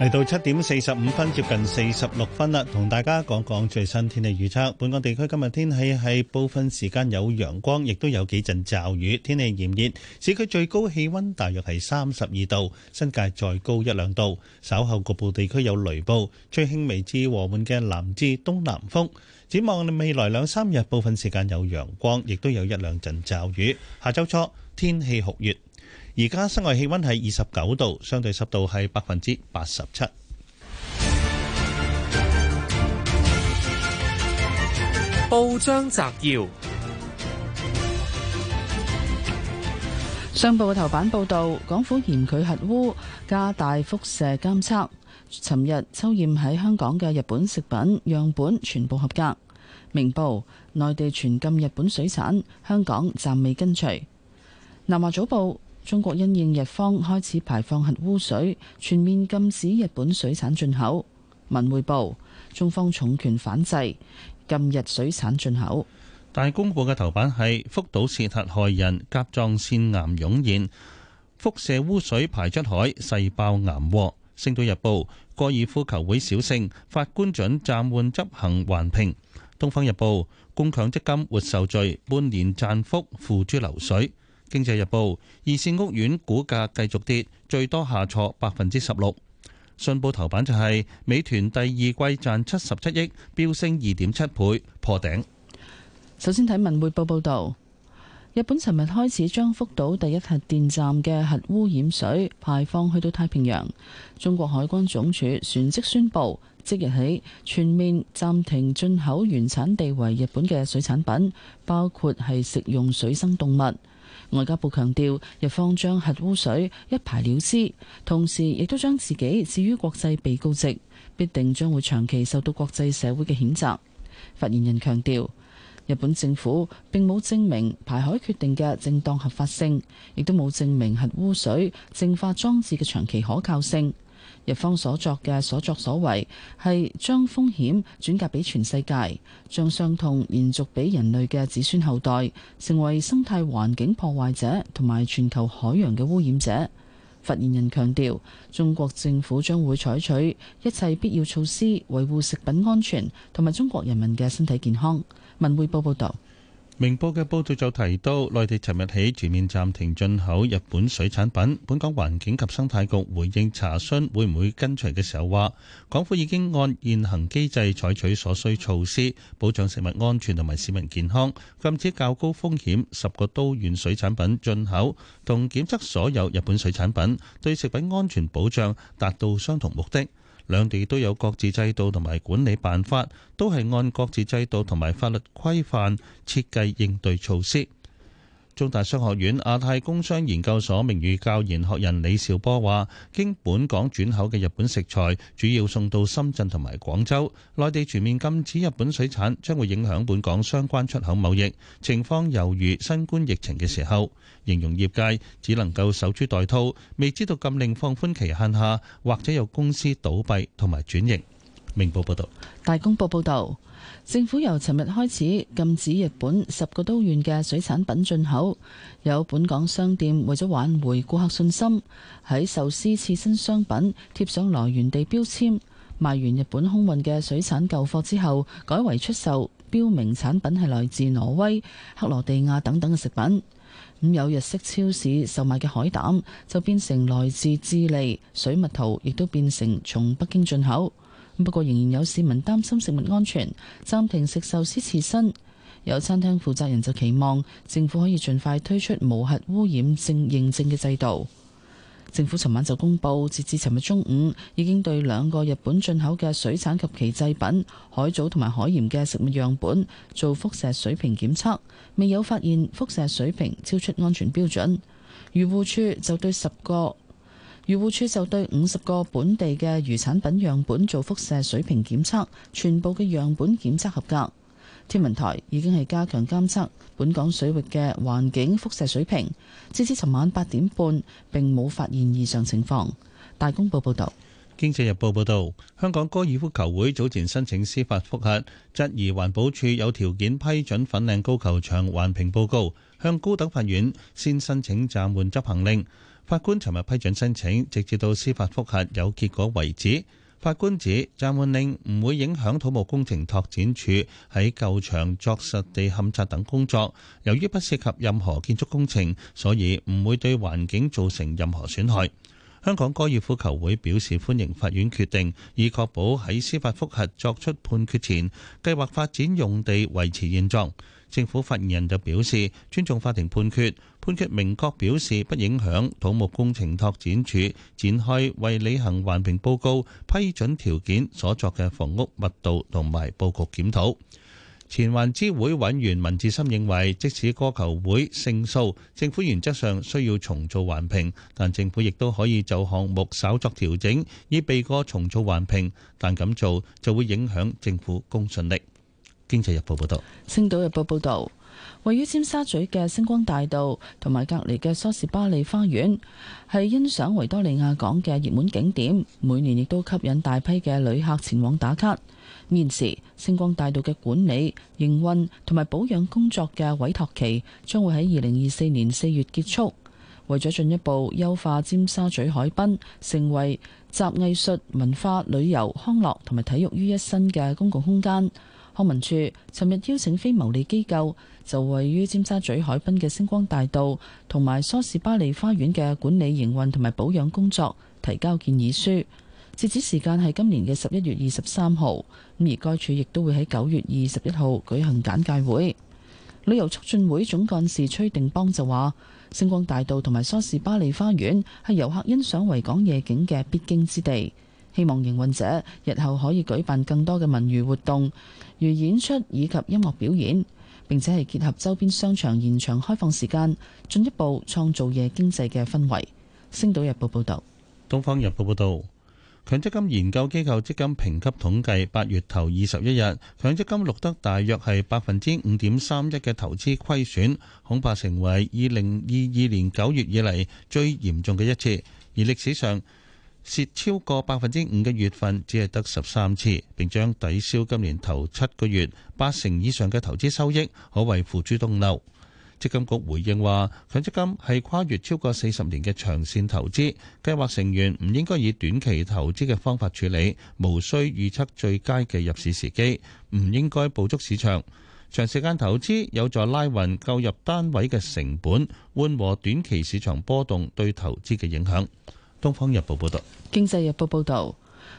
嚟到七點四十五分，接近四十六分啦，同大家講講最新天氣預測。本港地區今日天氣係部分時間有陽光，亦都有幾陣驟雨，天氣炎熱，市區最高氣溫大約係三十二度，新界再高一兩度。稍後局部地區有雷暴，吹輕微至和緩嘅南至東南風。展望未來兩三日，部分時間有陽光，亦都有一兩陣驟雨。下周初天氣酷熱。而家室外氣温係二十九度，相對濕度係百分之八十七。報章摘要：商報嘅頭版報道，港府嚴拒核,核污，加大輻射監測。尋日抽驗喺香港嘅日本食品樣本全部合格。明報：內地全禁日本水產，香港暫未跟隨。南華早報。中國因應日方開始排放核污水，全面禁止日本水產進口。文匯報：中方重拳反制，禁日水產進口。大公報嘅頭版係福島涉核害人甲，甲狀腺癌湧現，輻射污水排出海，細胞癌禍。星島日報：高爾夫球會小勝，法官准暫緩執行環評。東方日報：公強積金活受罪，半年賺幅付諸流水。《經濟日報》二線屋苑股價繼續跌，最多下挫百分之十六。信報頭版就係美團第二季賺七十七億，飆升二點七倍破頂。首先睇文匯報報道，日本尋日開始將福島第一核電站嘅核污染水排放去到太平洋。中國海關總署隨即宣布，即日起全面暫停進口原產地為日本嘅水產品，包括係食用水生動物。外交部強調，日方將核污水一排了之，同時亦都將自己置於國際被告席，必定將會長期受到國際社會嘅譴責。發言人強調，日本政府並冇證明排海決定嘅正當合法性，亦都冇證明核污水淨化裝置嘅長期可靠性。日方所作嘅所作所為，係將風險轉嫁俾全世界，將傷痛延續俾人類嘅子孫後代，成為生態環境破壞者同埋全球海洋嘅污染者。發言人強調，中國政府將會採取一切必要措施，維護食品安全同埋中國人民嘅身體健康。文匯報報道。明報嘅報導就提到，內地尋日起全面暫停進口日本水產品。本港環境及生態局回應查詢會唔會跟隨嘅時候話，港府已經按現行機制採取所需措施，保障食物安全同埋市民健康，禁止較高風險十個都縣水產品進口，同檢測所有日本水產品，對食品安全保障達到相同目的。兩地都有各自制度同埋管理辦法，都係按各自制度同埋法律規範設計應對措施。中大商學院亞太工商研究所名譽教研學人李兆波話，經本港轉口嘅日本食材，主要送到深圳同埋廣州。內地全面禁止日本水產將會影響本港相關出口貿易情況，猶如新冠疫情嘅時候，形容業界只能夠守株待兔，未知道禁令放寬期限下，或者有公司倒閉同埋轉型。明報報道。大公報報道。政府由尋日開始禁止日本十個都縣嘅水產品進口。有本港商店為咗挽回顧客信心，喺壽司、刺身商品貼上來源地標籤，賣完日本空運嘅水產舊貨之後，改為出售標明產品係來自挪威、克羅地亞等等嘅食品。咁有日式超市售賣嘅海膽就變成來自智利，水蜜桃亦都變成從北京進口。不過仍然有市民擔心食物安全，暫停食壽司刺身。有餐廳負責人就期望政府可以盡快推出無核污染性認證嘅制度。政府尋晚就公布，截至尋日中午，已經對兩個日本進口嘅水產及其製品，海藻同埋海鹽嘅食物樣本做輻射水平檢測，未有發現輻射水平超出安全標準。漁護處就對十個漁護署就對五十個本地嘅魚產品樣本做輻射水平檢測，全部嘅樣本檢測合格。天文台已經係加強監測本港水域嘅環境輻射水平，直至尋晚八點半，並冇發現異常情況。大公報報道，《經濟日報》報道，香港高爾夫球會早前申請司法覆核，質疑環保署有條件批准粉嶺高球場環評報告，向高等法院先申請暫緩執行令。法官尋日批准申請，直至到司法覆核有結果為止。法官指暫緩令唔會影響土木工程拓展署喺舊場作實地勘察等工作。由於不涉及任何建築工程，所以唔會對環境造成任何損害。香港哥爾夫球會表示歡迎法院決定，以確保喺司法覆核作出判決前，計劃發展用地維持現狀。政府發言人就表示，尊重法庭判決，判決明確表示不影響土木工程拓展署展開為履行環評報告批准條件所作嘅房屋密度同埋布局檢討。前環知會委員文志深認為，即使高球會勝訴，政府原則上需要重做環評，但政府亦都可以就項目稍作調整，以避過重做環評，但咁做就會影響政府公信力。經濟日報報道，星島日報報道，位於尖沙咀嘅星光大道同埋隔籬嘅梳士巴利花園係欣賞維多利亞港嘅熱門景點，每年亦都吸引大批嘅旅客前往打卡。現時星光大道嘅管理、營運同埋保養工作嘅委託期將會喺二零二四年四月結束，為咗進一步優化尖沙咀海濱，成為集藝術、文化、旅遊、康樂同埋體育於一身嘅公共空間。康文署尋日邀請非牟利機構就位於尖沙咀海濱嘅星光大道同埋梳士巴利花園嘅管理、營運同埋保養工作提交建議書。截止時間係今年嘅十一月二十三號。咁而該處亦都會喺九月二十一號舉行簡介會。旅遊促進會總幹事崔定邦就話：星光大道同埋梳士巴利花園係遊客欣賞維港夜景嘅必經之地，希望營運者日後可以舉辦更多嘅文娛活動。如演出以及音樂表演，並且係結合周邊商場延長開放時間，進一步創造夜經濟嘅氛圍。《星島日報》報道，《東方日報》報道，強積金研究機構積金評級統計，八月頭二十一日，強積金錄得大約係百分之五點三一嘅投資虧損，恐怕成為二零二二年九月以嚟最嚴重嘅一次，而歷史上，蝕超過百分之五嘅月份只係得十三次，並將抵消今年頭七個月八成以上嘅投資收益，可謂付諸東流。積金局回應話，強積金係跨越超過四十年嘅長線投資計劃，成員唔應該以短期投資嘅方法處理，無需預測最佳嘅入市時機，唔應該捕捉市場，長時間投資有助拉勻購入單位嘅成本，緩和短期市場波動對投資嘅影響。《東方日報》報導，《經濟日報》報導，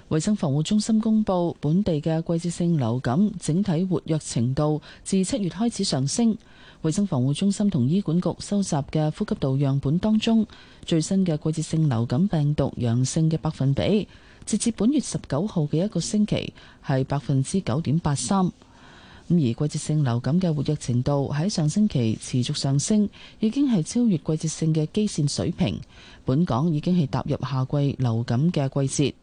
衞生防護中心公布本地嘅季節性流感整體活躍程度自七月開始上升。衞生防護中心同醫管局收集嘅呼吸道樣本當中，最新嘅季節性流感病毒陽性嘅百分比，截至本月十九號嘅一個星期係百分之九點八三。咁而季節性流感嘅活躍程度喺上星期持續上升，已經係超越季節性嘅基線水平。本港已經係踏入夏季流感嘅季節。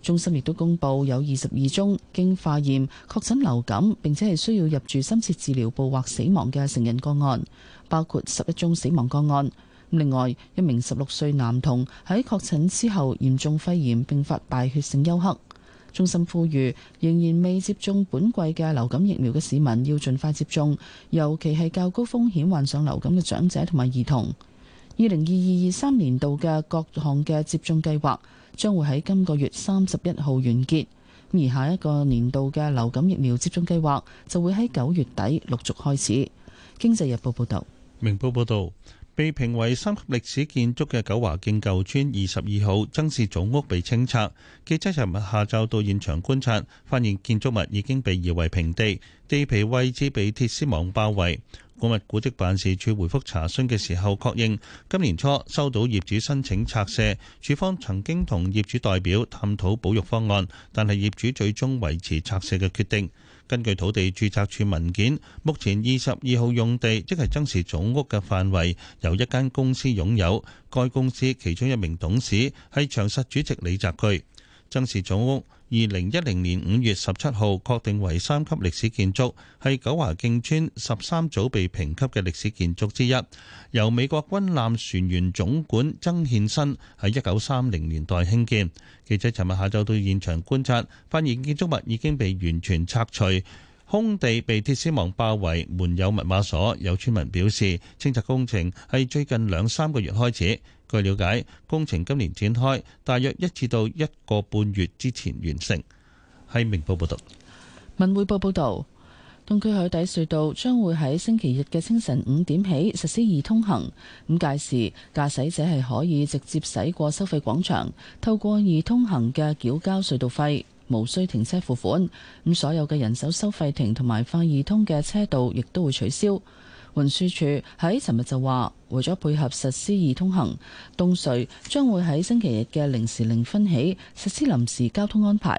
中心亦都公布有二十二宗經化驗確診流感，並且係需要入住深切治療部或死亡嘅成人個案，包括十一宗死亡個案。另外，一名十六歲男童喺確診之後嚴重肺炎，並發敗血性休克。中心呼籲，仍然未接種本季嘅流感疫苗嘅市民要盡快接種，尤其係較高風險患上流感嘅長者同埋兒童。二零二二二三年度嘅各項嘅接種計劃將會喺今個月三十一號完結，而下一個年度嘅流感疫苗接種計劃就會喺九月底陸續開始。經濟日報報道。明報報道。被評為三級歷史建築嘅九華徑舊村二十二號曾氏祖屋被清拆。記者尋日下晝到現場觀察，發現建築物已經被夷為平地，地皮位置被鐵絲網包圍。古物古蹟辦事處回復查詢嘅時候確認，今年初收到業主申請拆卸，署方曾經同業主代表探討保育方案，但係業主最終維持拆卸嘅決定。根據土地註冊處文件，目前二十二號用地即係增持總屋嘅範圍，由一間公司擁有，該公司其中一名董事係長實主席李澤鉅。曾氏祖屋，二零一零年五月十七號確定為三級歷史建築，係九華徑村十三組被評級嘅歷史建築之一。由美國軍艦船員總管曾憲新喺一九三零年代興建。記者尋日下晝到現場觀察，發現建築物已經被完全拆除。空地被鐵絲網包圍，門有密碼鎖。有村民表示，清拆工程係最近兩三個月開始。據了解，工程今年展開，大約一至到一個半月之前完成。係明報報道，文匯報報道，東區海底隧道將會喺星期日嘅清晨五點起實施易通行。咁屆時駕駛者係可以直接駛過收費廣場，透過易通行嘅繳交隧道費。無需停車付款，咁所有嘅人手收費亭同埋快易通嘅車道亦都會取消。運輸署喺尋日就話，為咗配合實施易通行，東隧將會喺星期日嘅零時零分起實施臨時交通安排。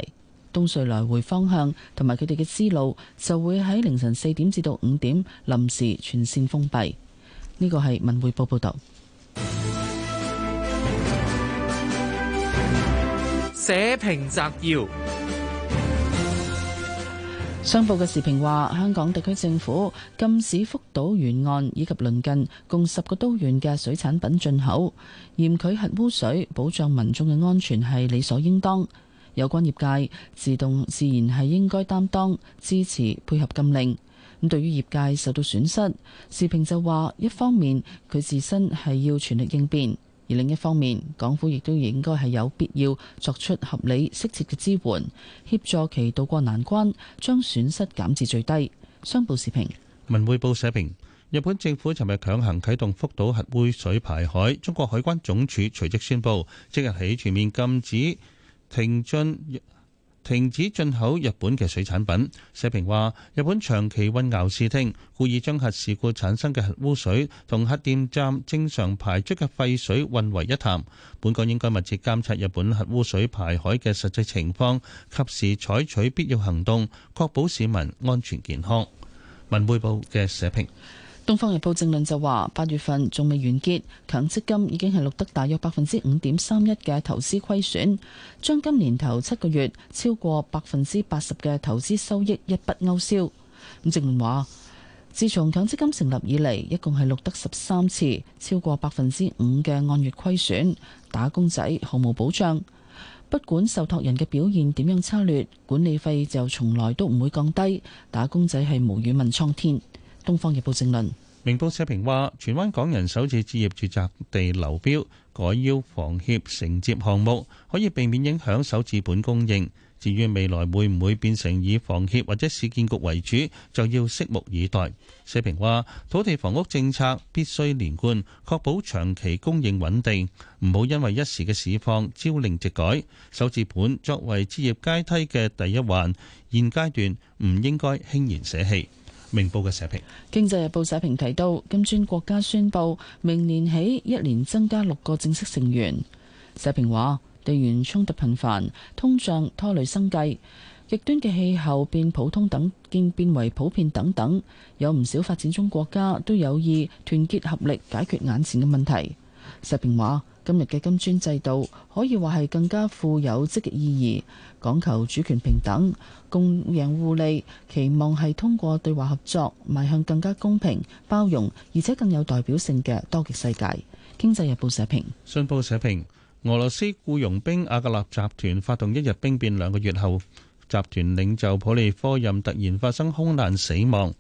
東隧來回方向同埋佢哋嘅支路就會喺凌晨四點至到五點臨時全線封閉。呢、這個係文匯報報道。 <music> 社評摘要。商報嘅時評話，香港特區政府禁止福島沿岸以及鄰近共十個都縣嘅水產品進口，嚴拒核污水，保障民眾嘅安全係理所應當。有關業界自動自然係應該擔當支持配合禁令。咁對於業界受到損失，時評就話，一方面佢自身係要全力應變。另一方面，港府亦都應該係有必要作出合理適切嘅支援，協助其渡過難關，將損失減至最低。商報時評。文匯報社評：日本政府尋日強行啟動福島核污水排海，中國海關總署隨即宣布即日起全面禁止停進停止進口日本嘅水產品。社評話：日本長期混淆視聽，故意將核事故產生嘅核污水同核電站正常排出嘅廢水混為一談。本港應該密切監測日本核污水排海嘅實際情況，及時採取必要行動，確保市民安全健康。文匯報嘅社評。《東方日報》政論就話：八月份仲未完結，強積金已經係錄得大約百分之五點三一嘅投資虧損，將今年頭七個月超過百分之八十嘅投資收益一筆勾銷。咁政論話，自從強積金成立以嚟，一共係錄得十三次超過百分之五嘅按月虧損，打工仔毫無保障。不管受託人嘅表現點樣差劣，管理費就從來都唔會降低，打工仔係無語問蒼天。《東方日報正論》評論，明報社評話，荃灣港人首次置,置業住宅地樓標改邀房協承接項目，可以避免影響首置本供應。至於未來會唔會變成以房協或者市建局為主，就要拭目以待。社評話，土地房屋政策必須連貫，確保長期供應穩定，唔好因為一時嘅市況朝令夕改。首置本作為置業階梯嘅第一環，現階段唔應該輕言捨棄。明報嘅社評，《經濟日報》社評提到，金磚國家宣布明年起一年增加六個正式成員。社評話，地緣衝突頻繁，通脹拖累生計，極端嘅氣候變普通等見變為普遍等等，有唔少發展中國家都有意團結合力解決眼前嘅問題。社評話。今日嘅金磚制度可以話，係更加富有積極意義，講求主權平等、共贏互利，期望係通過對話合作，邁向更加公平、包容而且更有代表性嘅多極世界。經濟日報社評。信報社評：俄羅斯僱傭兵阿格納集團發動一日兵變兩個月後，集團領袖普利科任突然發生空難死亡。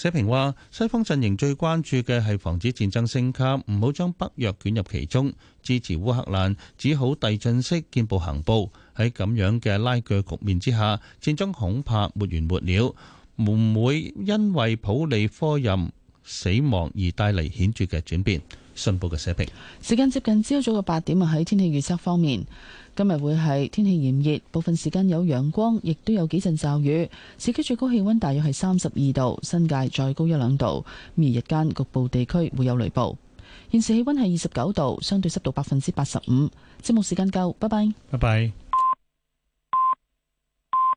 社評話，西方陣營最關注嘅係防止戰爭升級，唔好將北約捲入其中，支持烏克蘭只好遞進式見步行步。喺咁樣嘅拉鋸局面之下，戰爭恐怕沒完沒了，唔會，會因為普利科任死亡而帶嚟顯著嘅轉變。信報嘅社評。時間接近朝早嘅八點啊，喺天氣預測方面。今日會係天氣炎熱，部分時間有陽光，亦都有幾陣驟雨。市區最高氣溫大約係三十二度，新界再高一兩度。而日間局部地區會有雷暴。現時氣溫係二十九度，相對濕度百分之八十五。節目時間夠，拜拜。拜拜。